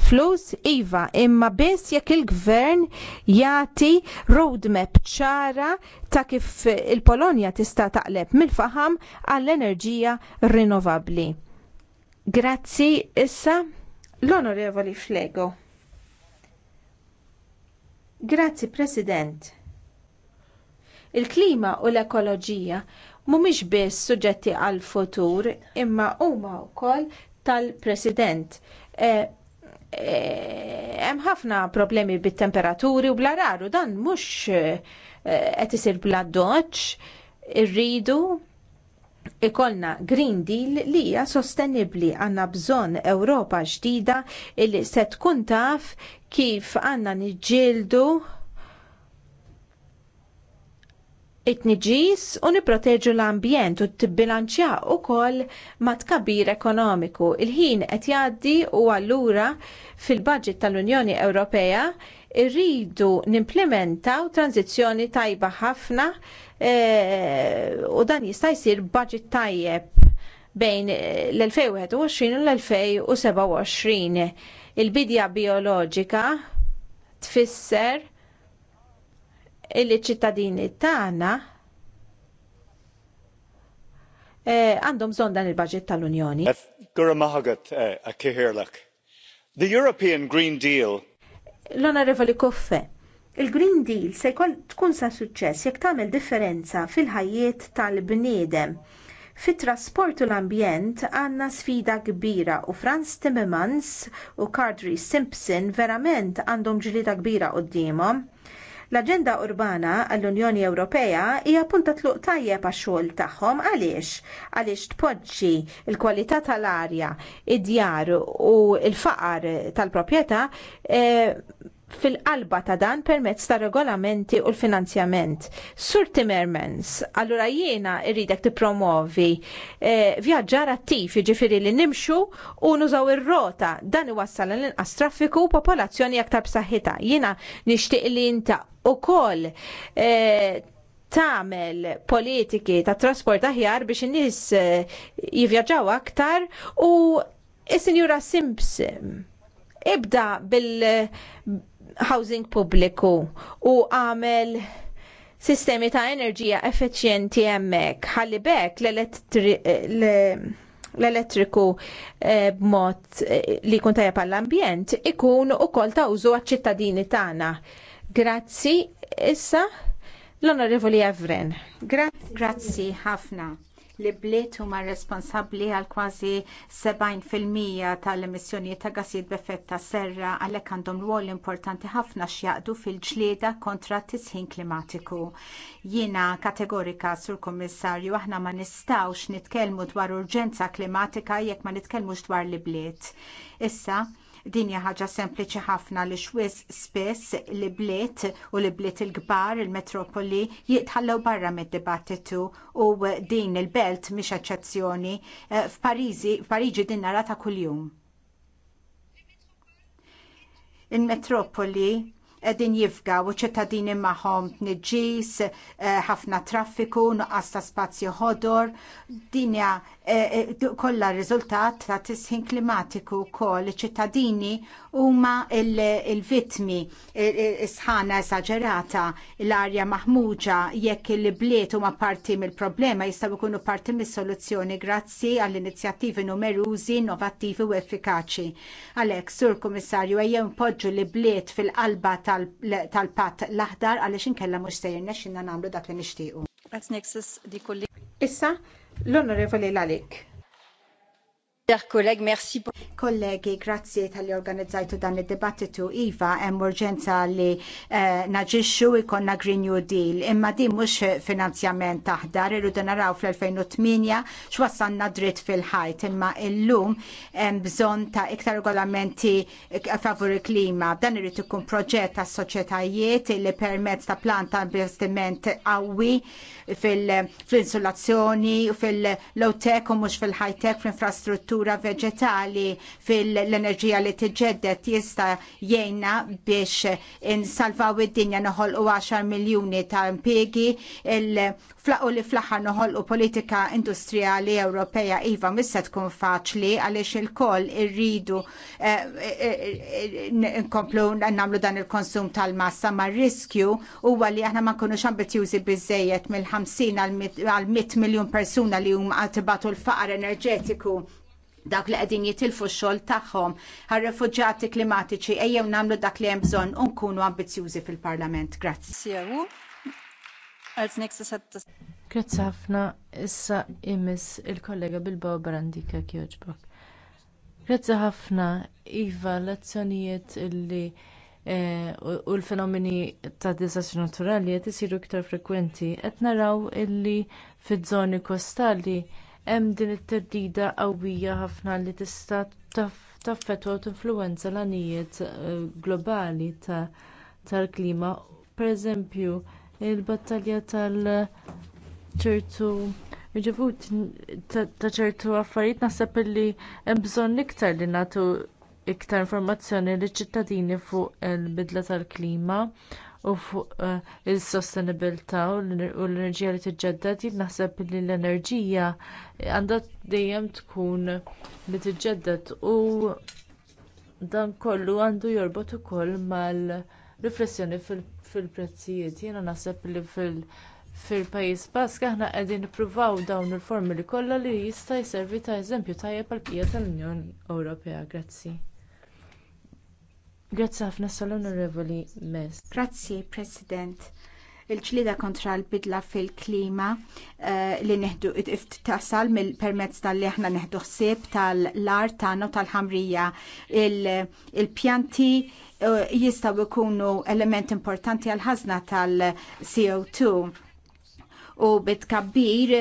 flus, iva, imma biss jekk il-gvern jagħti roadmap ċara ta' kif il-Polonja tista' taqleb mill-faham għall-enerġija rinnovabbli. Grazzi issa l-Onorevoli Flego. Grazzi President. Il-klima u l-ekoloġija mhumiex biss suġġetti għal futur imma huma wkoll tal-President. E, e, hemm ħafna problemi bit-temperaturi u bla raru dan mhux e, qed isir bla doċċ, irridu Ikollna Green Deal li hija sostenibbli għandna bżonn Ewropa ġdida li se tkun taf kif għandna niġġieldu it-nġis u niproteġu l-ambjent u t-bilanċja u kol ma tkabbir ekonomiku. Il-ħin qed jgħaddi u allura fil-budget tal-Unjoni Ewropea irridu nimplementaw tranzizzjoni tajba ħafna e, u dan jista' jsir budget tajjeb bejn l-2021 u l-2027. Il-bidja bioloġika tfisser il-ċittadini tagħna eh, għandhom bżonn dan il-baġġett tal-Unjoni. Eh, The European Green Deal. L-Onorevoli Koffe, il-Green Deal se jkoll tkun sa suċċess jekk tagħmel differenza fil-ħajjiet tal-bniedem. Fit-trasport u l-ambjent għandna sfida kbira u Franz Timmermans u Cardri Simpson verament għandhom ġlieda kbira qudiemhom L-Aġenda Urbana għall-Unjoni Ewropea hija punta tluq tajjeb għax-xogħol tagħhom għaliex għaliex tpoġġi l-kwalità tal-arja, id-djar u l-faqar tal-proprjetà eh, fil-qalba ta' dan permezz ta' regolamenti u l-finanzjament. Sur Timmermans, allura jiena irridek tippromovi eh, vjaġġar attiv jiġifieri li nimxu u nużaw ir-rota dan iwassal l-inqas traffiku u popolazzjoni aktar b'saħħitha. Jiena nixtieq li inta ukoll eh, tagħmel politiki ta' trasport aħjar biex in-nies jivjaġġaw eh, jivvjaġġaw aktar u is-Sinjura Simpson ibda bil housing pubbliku u għamel sistemi ta' enerġija effiċjenti hemmhekk ħalli bekk l-elettriku eh, b'mod eh, li jkun tajjeb għall-ambjent ikun ukoll ta' użu għat ċittadini tagħna. Grazzi issa l-Onorevoli Evren. Grazzi ħafna li bliet huma responsabbli għal kważi 70% tal-emissjonijiet ta' gasijiet b'effett ta' serra għalhekk għandhom rwol importanti ħafna x'jaqdu fil-ġlieda kontra t-tisħin klimatiku. Jiena kategorika sur Kummissarju aħna ma nistgħux nitkellmu dwar urġenza klimatika jekk ma nitkellmux dwar li bliet. Issa, Din hija ħaġa sempliċi ħafna li xwiss spiss li bliet u li bliet il-kbar il-metropoli jitħallew barra mid-dibattitu u din il-belt mhix eċċezzjoni eh, f'Pariġi din nara ta' kuljum. Il-metropoli edin jifga u ċittadini maħom nġis, eh, ħafna traffiku, nuqasta spazju ħodor, dinja eh, eh, kollha riżultat ta' tisħin klimatiku wkoll ċittadini ċittadini huma il-vitmi sħana esagerata l-arja maħmuġa jekk il-bliet huma parti mill-problema jistgħu jkunu parti mis-soluzzjoni grazzi għall-inizjattivi numerużi, innovattivi u effikaċi. Għalhekk, Sur Kummissarju, ejjew npoġġu li bliet fil-qalba tal-patt l-aħdar għaliex inkella mhux se jirnexxinna nagħmlu dak li nixtiequ. Issa, l-Onorevoli Lalik. Kollegi, grazie tal-li organizzajtu dan il-dibattitu. Iva, hemm urġenza li eh, naġixxu ikonna Green New Deal, imma di mhux finanzjament taħdar, irridu naraw fl-2008 x'wassanna dritt fil-ħajt, imma illum hemm bżonn ta' iktar regolamenti favur il-klima. Dan irid ikun proġett ta' soċjetajiet li permezz ta' plan ta' investiment qawwi fil-insulazzjoni, fil-low tech u mhux fil-high tech, fl-infrastruttura agrikoltura veġetali fil-enerġija li tiġġedded jista' jgħinna biex insalvaw id-dinja u 10 miljuni ta' il flaqu li fl-aħħar noħolqu politika industrijali Ewropea iva missa tkun faċli għaliex il-koll irridu eh, eh, eh, nkomplu nagħmlu dan il-konsum tal-massa ma' riskju huwa li aħna ma nkunux jużi biżejjed mill-50 għal 100 miljun persuna li huma għatibatu l-faqar enerġetiku dawk li qegħdin jitilfu x-xogħol tagħhom għar-refuġjati klimatiċi ejjew nagħmlu dak li hemm bżonn u nkunu ambizzjużi fil-Parlament. Grazzi. Grazzi ħafna issa jmiss il-kollega Bilbao Barandika Kjoġbok. Grazzi ħafna Iva l-azzjonijiet illi eh, u l-fenomeni ta' disastri naturali qed isiru iktar frekwenti qed naraw illi fiż-żoni kostali hemm din it-theddida qawwija ħafna li tista' taffettwa u tinfluwenza l-għanijiet eh, globali tal-klima pereżempju il-battalja tal ċertu ġibut ta' ċertu affarijiet naħseb li hemm bżonn iktar li nagħtu iktar informazzjoni liċ-ċittadini fuq il-bidla tal-klima u fuq eh, is-sostenibilità u l-enerġija li tiġġedded jien naħseb li l-enerġija għandha dejjem tkun li tiġġedded u dan kollu għandu jorbot ukoll mal-riflessjoni fil-prezzijiet. Jiena naħseb li fil- pajjiż Bask aħna qegħdin nippruvaw dawn il-formuli kollha li jista' jservi ta' eżempju tajjeb għall bqija tal-Unjoni Ewropea. Grazzi. Grazzi ħafna sal-Onorevoli Mess. Grazzi, President il-ċlida kontra l-bidla fil-klima eh, li neħdu tasal mill-permezz tal-li aħna neħdu ħsieb tal-lar tagħna u tal-ħamrija il-pjanti eh, jistgħu jkunu element importanti għal ħażna tal-CO2 u bitkabbir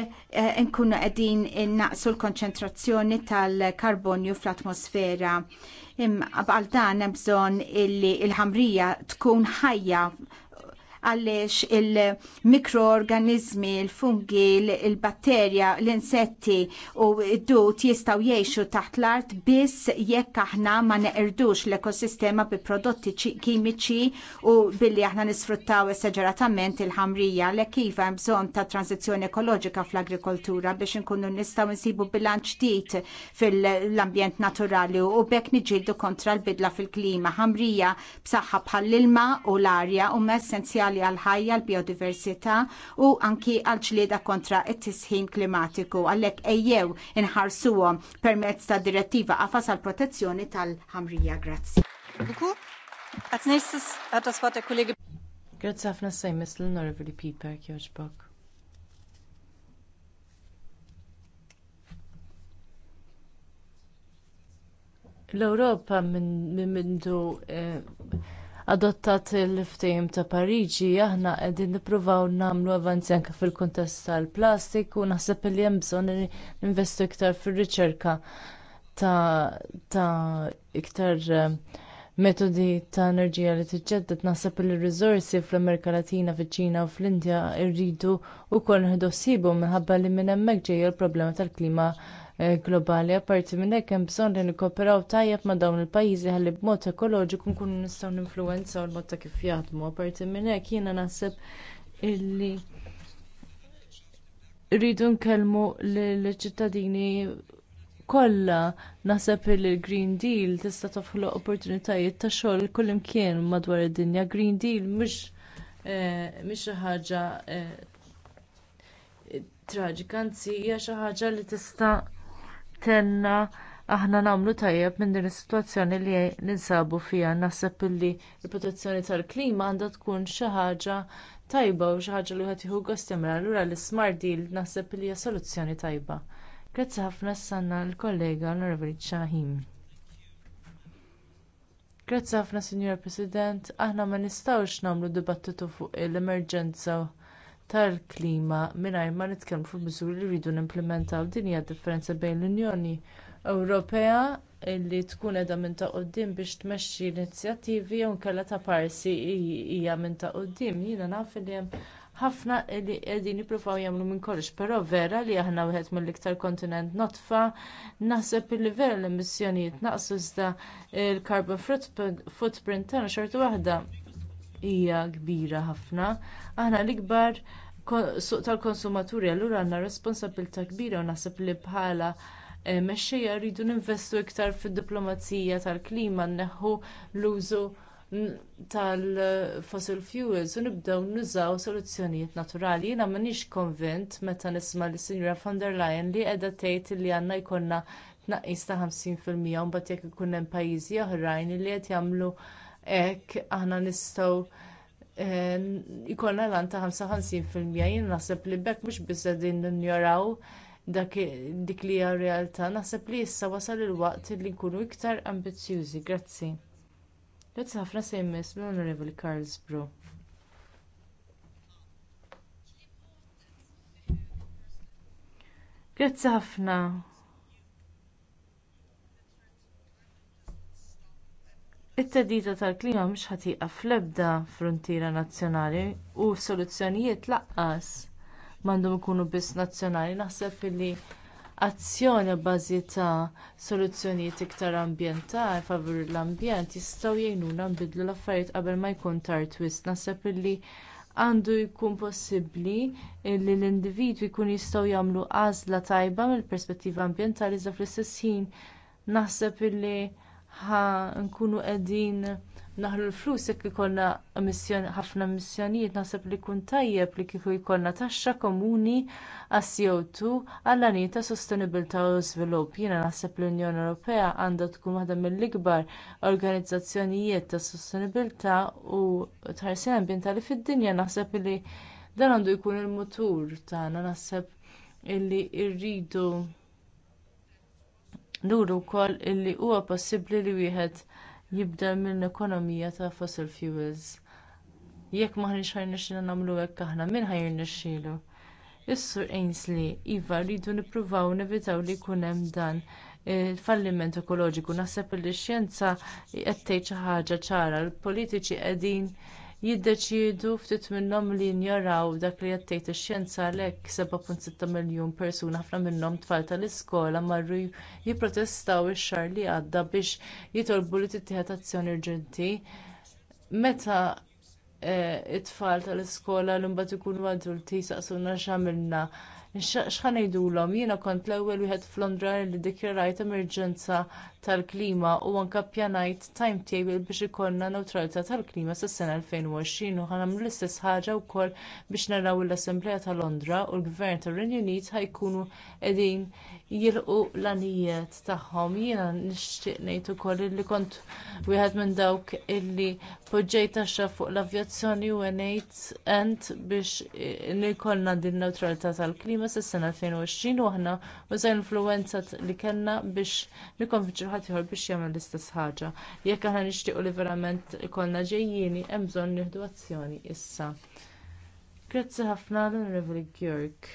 eh, nkunu qegħdin innaqsu l-konċentrazzjoni tal-karbonju fl-atmosfera. Imma dan hemm bżonn illi l-ħamrija tkun ħajja għaliex il-mikroorganizmi, il-fungi, il-batterja, l-insetti u id dut jistaw jiexu taħt l-art biss jekk aħna ma neqirdux l-ekosistema bi prodotti kimiċi u billi aħna nisfruttaw esageratament il-ħamrija l kif iva, hemm bżonn ta' tranzizzjoni ekoloġika fl-agrikoltura biex inkunu nistgħu nsibu bilanċ ġdid fil-ambjent naturali u bekk niġġieldu kontra l-bidla fil-klima ħamrija b'saħħa bħall-ilma u l-arja huma essenzjali essenzjali għal ħajja l-biodiversità u anki għal ċlieda kontra it-tisħin klimatiku. Għalhekk ejjew inħarsuhom permezz ta' direttiva qafas għal protezzjoni tal-ħamrija. Grazzi. Als nächstes hat das Wort der Kollege. Piper Kjoġbok. l-Ewropa minn mindu eh, adottat il-ftehim ta' pariġi aħna qegħdin nippruvaw nagħmlu avanzi anke fil-kuntest tal-plastik u naħseb li hemm bżonn ninvestu iktar fir-riċerka ta' iktar eh, metodi ta' enerġija li tiġġedded naħseb li r-riżorsi fl-Amerika Latina fiċ-Ċina u fl-Indja rridu wkoll ħdossibhom minħabba li minn hemmhekk ġejja l-problema tal-klima Eh, globali. Apparti minn hekk hemm bżonn li nikkooperaw tajjeb ma' dawn il-pajjiżi ħalli b'mod ekoloġiku nkunu nistgħu ninfluwenzaw il-mod ta' kif jaħdmu. Apparti minn hekk jiena naħseb illi rridu nkellmu lill-ċittadini kollha naħseb li l-Green Deal tista' toħloq opportunitajiet ta' xogħol kullimkien madwar id-dinja. Green Deal mhux eh, mhix xi ħaġa eh, traġika, anzi hija xi ħaġa li tista' tenna aħna nagħmlu tajjeb minn din is-sitwazzjoni li ninsabu fiha naħseb illi l-protezzjoni tal-klima għandha tkun xi ħaġa tajba u xi ħaġa li wieħed jieħu gost allura l-ismart deal naħseb li hija soluzzjoni tajba. Grazzi ħafna s-sanna l-kollega l-Onorevoli Ċahim. Grazzi ħafna, Signor President, aħna ma nistgħux nagħmlu dibattitu fuq l-emerġenza tal-klima mingħajr ma nitkellmu fuq miżuri li rridu nimplementaw din hija differenza bejn l-Unjoni Ewropea li tkun qiegħda minn ta' quddiem biex tmexxi inizjattivi jew inkella ta' parsi hija minn ta' quddiem. Jiena naf li hemm ħafna li qegħdin jippruvaw jagħmlu minn kollox, però vera li aħna wieħed mill-iktar kontinent notfa, naħseb li vera l-emissjonijiet naqsu iżda l-carbon footprint tagħna xorta waħda hija kbira ħafna. Aħna l-ikbar suq tal-konsumaturi allura għandna responsabilità kbira u naħseb li bħala eh, mexxejja rridu ninvestu iktar fid-diplomazija tal-klima nneħħu l-użu tal-fossil fuels u nibdew nużaw soluzzjonijiet naturali. Jiena m'għandix konvint meta nisma' lis Sinjura von der Leyen li qiegħda tgħid li għandna jkollna tnaqqis ta' 50% u mbagħad jekk ikun hemm pajjiżi oħrajn li qed jagħmlu hekk aħna nistgħu eh, ikollna lan ta' 55% jien naħseb li bekk mhux biss qegħdin ninjoraw dik li hija realtà naħseb li issa wasal il-waqt li nkunu iktar ambizzjużi grazzi grazzi ħafna se jmiss l-onorevoli Grazzi ħafna it-theddida tal-klima mhix ħatieqa fl-ebda fruntiera nazzjonali u s-soluzzjonijiet lanqas m'għandhom ikunu biss nazzjonali naħseb illi azzjoni bbażi ta' soluzzjonijiet iktar ambjentali favur l-ambjent jistgħu jgħinuna nbiddlu l-affarijiet qabel ma jkun tard wisq naħseb illi għandu jkun possibbli li l-individwi jkunu jistgħu jagħmlu għażla tajba mill-perspettiva ambjentali iżda fl-istess ħin naħseb illi ħa nkunu qegħdin naħlu l-flus jekk ikollna ħafna missjonijiet naħseb li jkun tajjeb li kieku jkollna taxxa komuni għas co għall għanijiet ta' sostenibilità u żvilupp. Jiena naħseb li l-Unjoni Ewropea għandha tkun waħda mill-ikbar organizzazzjonijiet ta' sostenibilità u tħarsien ambjentali fid-dinja naħseb li dan għandu jkun il-mutur tagħna naħseb illi rridu nuru wkoll illi huwa possibbli li wieħed jibdel mill-ekonomija ta' fossil fuels jekk m'aħniex ħajrnexxielna nagħmlu hekk aħna min ħajnexxielu? is-sur ainsley iva rridu nippruvaw nevitaw li jkun hemm dan il-falliment e, ekoloġiku naħseb li x-xjenza qed tgħid xi ħaġa ċara l politiċi qegħdin jiddeċiedu ftit minnhom li jinjaraw dak li qed tgħid ix-xjenza għalhekk 7.6 miljun persuna ħafna minnhom tfal tal-iskola marru jipprotestaw ix-xahar li għadda biex jitolbu li tittieħed azzjoni urġenti meta e, t tfal tal-iskola li mbagħad ikunu adulti jsaqsuna x'għamilna ngħidulhom jiena kont l-ewwel wieħed f'londra li ddikjarajt emerġenza tal-klima u anke ppjanajt timetable biex ikollna newtralità tal-klima sas-sena 2020 u ħanagħmlu l-istess ħaġa wkoll biex naraw l-assembleja ta' londra u l-gvern tar-renju unit ħajkunu qegħdin jilqu l-għanijiet tagħhom jiena nixtieq ngħid ukoll li kont wieħed minn dawk illi poġġej taxxa fuq l-avjazzjoni u ngħid biex nikollna din newtralità tal-klima sas-sena 2020 u aħna użajna l-influwenza li kellna biex nikkonvinċu ħadd ieħor biex jagħmel l-istess ħaġa. Jekk aħna nixtiequ li verament ikollna ġejjieni hemm bżonn nieħdu azzjoni issa. Grazzi ħafna l-Onorevoli Gjork.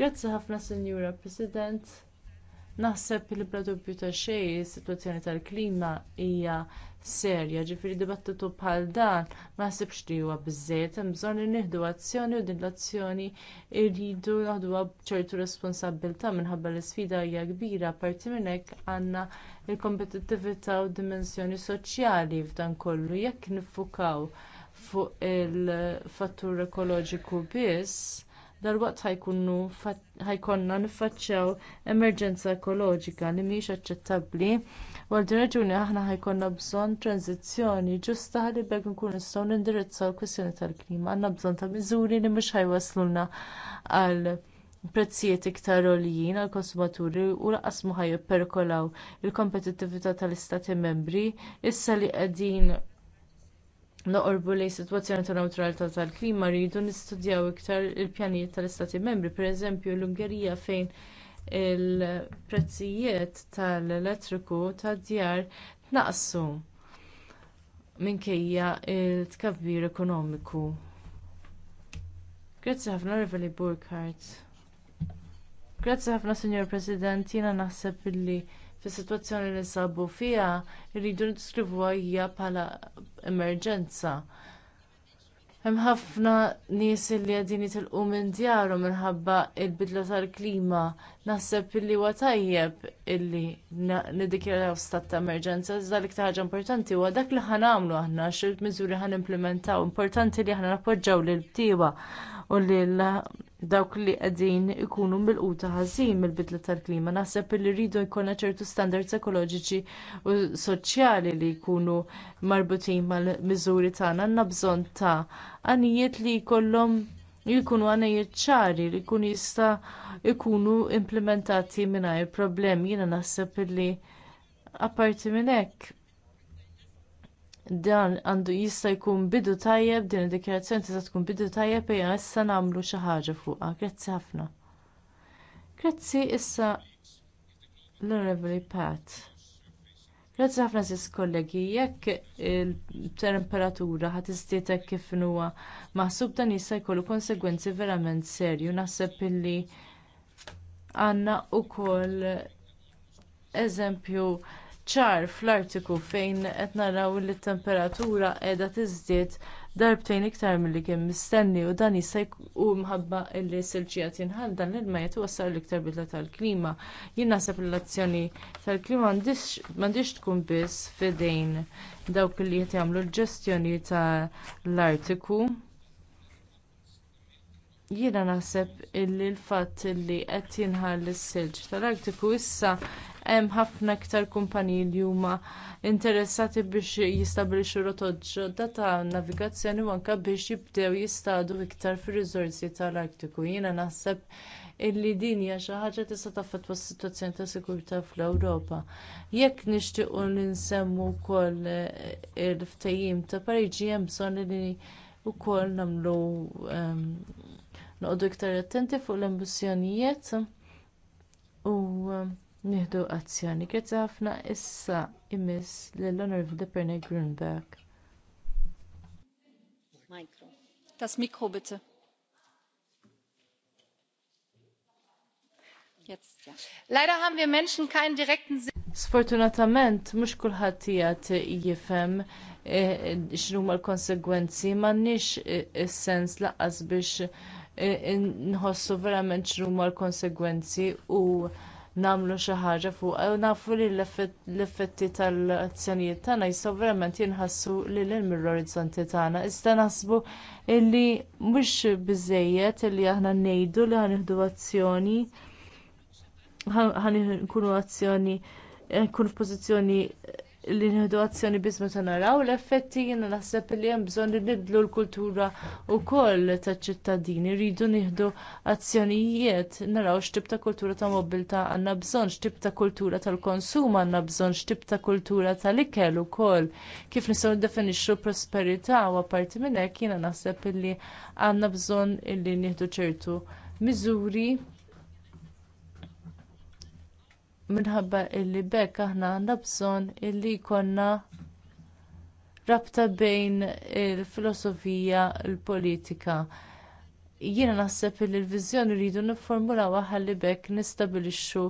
Grazzi ħafna Sinjura President. Naħseb li bla dubju ta' xejn is-sitwazzjoni tal-klima hija serja, ġifieri dibattitu bħal dan ma naħsibx li huwa biżżejjed hemm bżonn li nieħdu azzjoni u din l-azzjoni rridu naħduha b'ċertu responsabbiltà minħabba li sfida hija kbira apparti minn hekk għandna l-kompetittività u d-dimensjoni soċjali f'dan kollu jekk niffukaw fuq il-fattur ekoloġiku biss dalwaqt ħajkonna niffaċċjaw emerġenza ekoloġika li mhijiex aċċettabbli u għal din raġuni aħna ħajkonna bżonn transizzjoni ġusta ħalli bekk nistgħu nindirizzaw il-kwistjoni tal-klima għandna bżonn ta' miżuri li mhux ħajwaslulna għal prezzijiet iktar għoljin għall konsumaturi u lanqas ma ħajjipperikolaw il-kompetittività tal-istati membri issa li qegħdin noqorbu lejn sitwazzjoni ta' newtralità tal-klima rridu nistudjaw iktar il-pjanijiet tal-istati membri pereżempju l-ungerija fejn il-prezzijiet tal-elettriku tad-djar tnaqqsu minkejja t tkabbir ekonomiku Grazzi ħafna Reveli Burkhardt. Grazzi ħafna Sinjor President, jiena naħseb illi fis-sitwazzjoni li nsabu fiha rridu niddeskrivuha hija bħala emerġenza hemm ħafna nies li qegħdin jitilqu minn djarhom minħabba l-bidla tal-klima naħseb illi huwa tajjeb illi niddikjaraw stat ta' emerġenza iżda l-iktar ħaġa importanti huwa dak li ħa nagħmlu aħna x'miżuri ħa nimplementaw importanti li aħna nappoġġjaw lil bdiewa u lil dawk li qegħdin ikunu milquta ħażin mill-bidla tal-klima naħseb li rridu jkollna ċertu standards ekoloġiċi u soċjali li jkunu marbutin mal-miżuri tagħna għandna bżonn ta' għanijiet li jkollhom jkunu għanijiet ċari li jkunu jista' jkunu implementati mingħajr problemi jiena naħseb li apparti minn hekk dan għandu jista' jkun bidu tajjeb din id-dikjarazzjoni tista' tkun bidu tajjeb ejja issa nagħmlu xi ħaġa fuqha grazzi ħafna grazzi issa l-onorevoli pat grazzi ħafna żiż kollegi jekk il-temperatura ħadd iżdied hekk kif huwa maħsub dan jista' jkollu konsegwenzi verament serji u naħseb illi għandna wkoll eżempju ċar fl-artiku fejn qed naraw li t-temperatura qiegħda tiżdied darbtejn iktar milli kien mistenni u dan jista' jkun minħabba li s-silġija dan l-ilma jagħti wassal l-iktar bidla tal-klima. Jien naħseb l-azzjoni tal-klima m'għandix tkun biss f'idejn dawk li qed jagħmlu l-ġestjoni tal-artiku. Jiena naħseb illi l-fatt li qed jinħall is-silġ tal-artiku issa hemm ħafna iktar kumpaniji li huma interessati biex jistabbilixxu rotot ġodda ta' navigazzjoni u anke biex jibdew jistgħu iktar fir-riżorsi tal-artiku jiena naħseb illi din hija xi ħaġa tista' taffettwa s-sitwazzjoni ta' sigurtà fl-Ewropa. Jekk nixtiequ li nsemmu wkoll eh, il-ftehim ta' Pariġi hemm bżonn li wkoll nagħmlu ehm, noqogħdu iktar attenti fuq l-ambizzjonijiet u ehm, nieħdu azzjoni. kif ħafna issa imiss lill onorevoli Bernie Grunberg. Sfortunatament, mhux kulħadd jgħat jifhem eh, x'huma l-konsegwenzi, m'għandniex is-sens eh, laqqas biex eh, nħossu verament x'huma l-konsegwenzi u nagħmlu xi ħaġa fuqha u nafu li l-effetti tal-azzjonijiet tagħna jistgħu verament jinħassu lil hinn mill-orizzonti tagħna. Iżda naħsbu li mhux biżżejjed li aħna ngħidu li ħanieħdu azzjoni nkunu azzjoni nkunu f'pożizzjoni li nieħdu azzjoni biss meta naraw l-effetti jiena naħseb li hemm bżonn li nibdlu l-kultura wkoll taċ-ċittadini jridu nieħdu azzjonijiet naraw x'tip ta' kultura ta' mobilità għandna bżonn x'tib ta' kultura tal-konsum għandna bżonn x'tib ta' kultura tal-ikel ukoll kif nistgħu niddefinixxu prosperità u apparti minn hekk jiena naħseb li għandna bżonn li nieħdu ċertu miżuri minħabba li b'hekk aħna għandna bżonn illi jkollna rabta bejn il-filosofija u l-politika. Jiena naħseb li l-viżjoni rridu nifformulawha ħalli b'hekk nistabbilixxu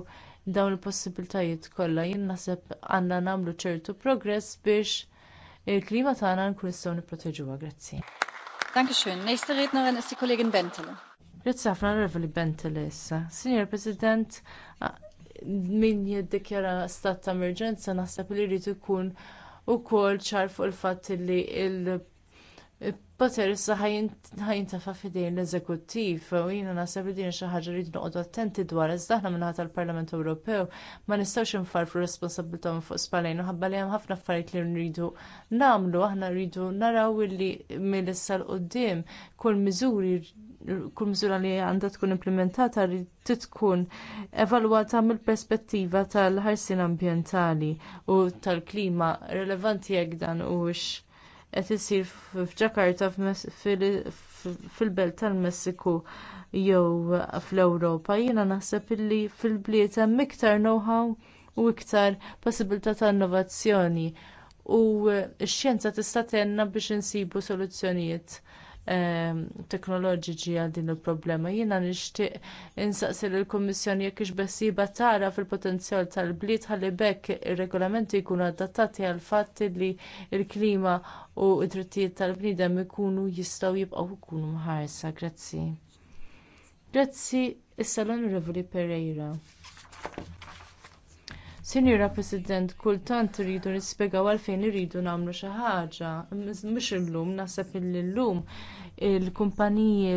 dawn il-possibbiltajiet kollha. Jien naħseb għandna nagħmlu ċertu progress biex il-klima tagħna nkun nistgħu nipproteġuha. Grazzi. Dankeschön. Nächste Rednerin ist die Kollegin Bentele. Grazzi ħafna Reveli Bentele Signor President, min jiddikjara stat ta' emerġenza naħseb li jrid ikun ukoll ċar fuq il-fatt li l Poter issa ħajintafa' f'idejn l-eżekuttiv u jiena naħseb li din xi ħaġa rridu noqogħdu attenti dwar iżda aħna minħata tal-Parlament Ewropew ma nistgħux infarfru responsabilità minn fuq spallejn u ħabba li hemm ħafna affarijiet li nridu nagħmlu aħna rridu naraw illi mill issa l qudiem kull miżuri kull miżura li għandha tkun implementata li tkun evalwata mill-perspettiva tal-ħarsien ambjentali u tal-klima relevanti jekk dan huwiex qed isir f'ġakarta fil-belt tal-messiku jew fl-ewropa jiena naħseb illi fil-bliet hemm iktar know-how u iktar possibilità ta' innovazzjoni u x-xjenza tista' tgħinna biex insibu soluzzjonijiet Ehm, teknoloġiċi għal din il-problema. Jiena nixtieq insaqsi lill-Kummissjoni jekk hix bessiba tara fil-potenzjal tal-bliet ħalli bekk ir-regolamenti jkunu adattati għal fatt li l-klima u d-drittijiet tal-bniedem ikunu jistgħu jibqgħu jkunu mħarsa. Grazzi. Grazzi issa l-Onorevoli Pereira. Sinjura President, kultant iridu nispjegaw għalfejn irridu nagħmlu xi ħaġa. Mhux illum naħseb illum il-kumpaniji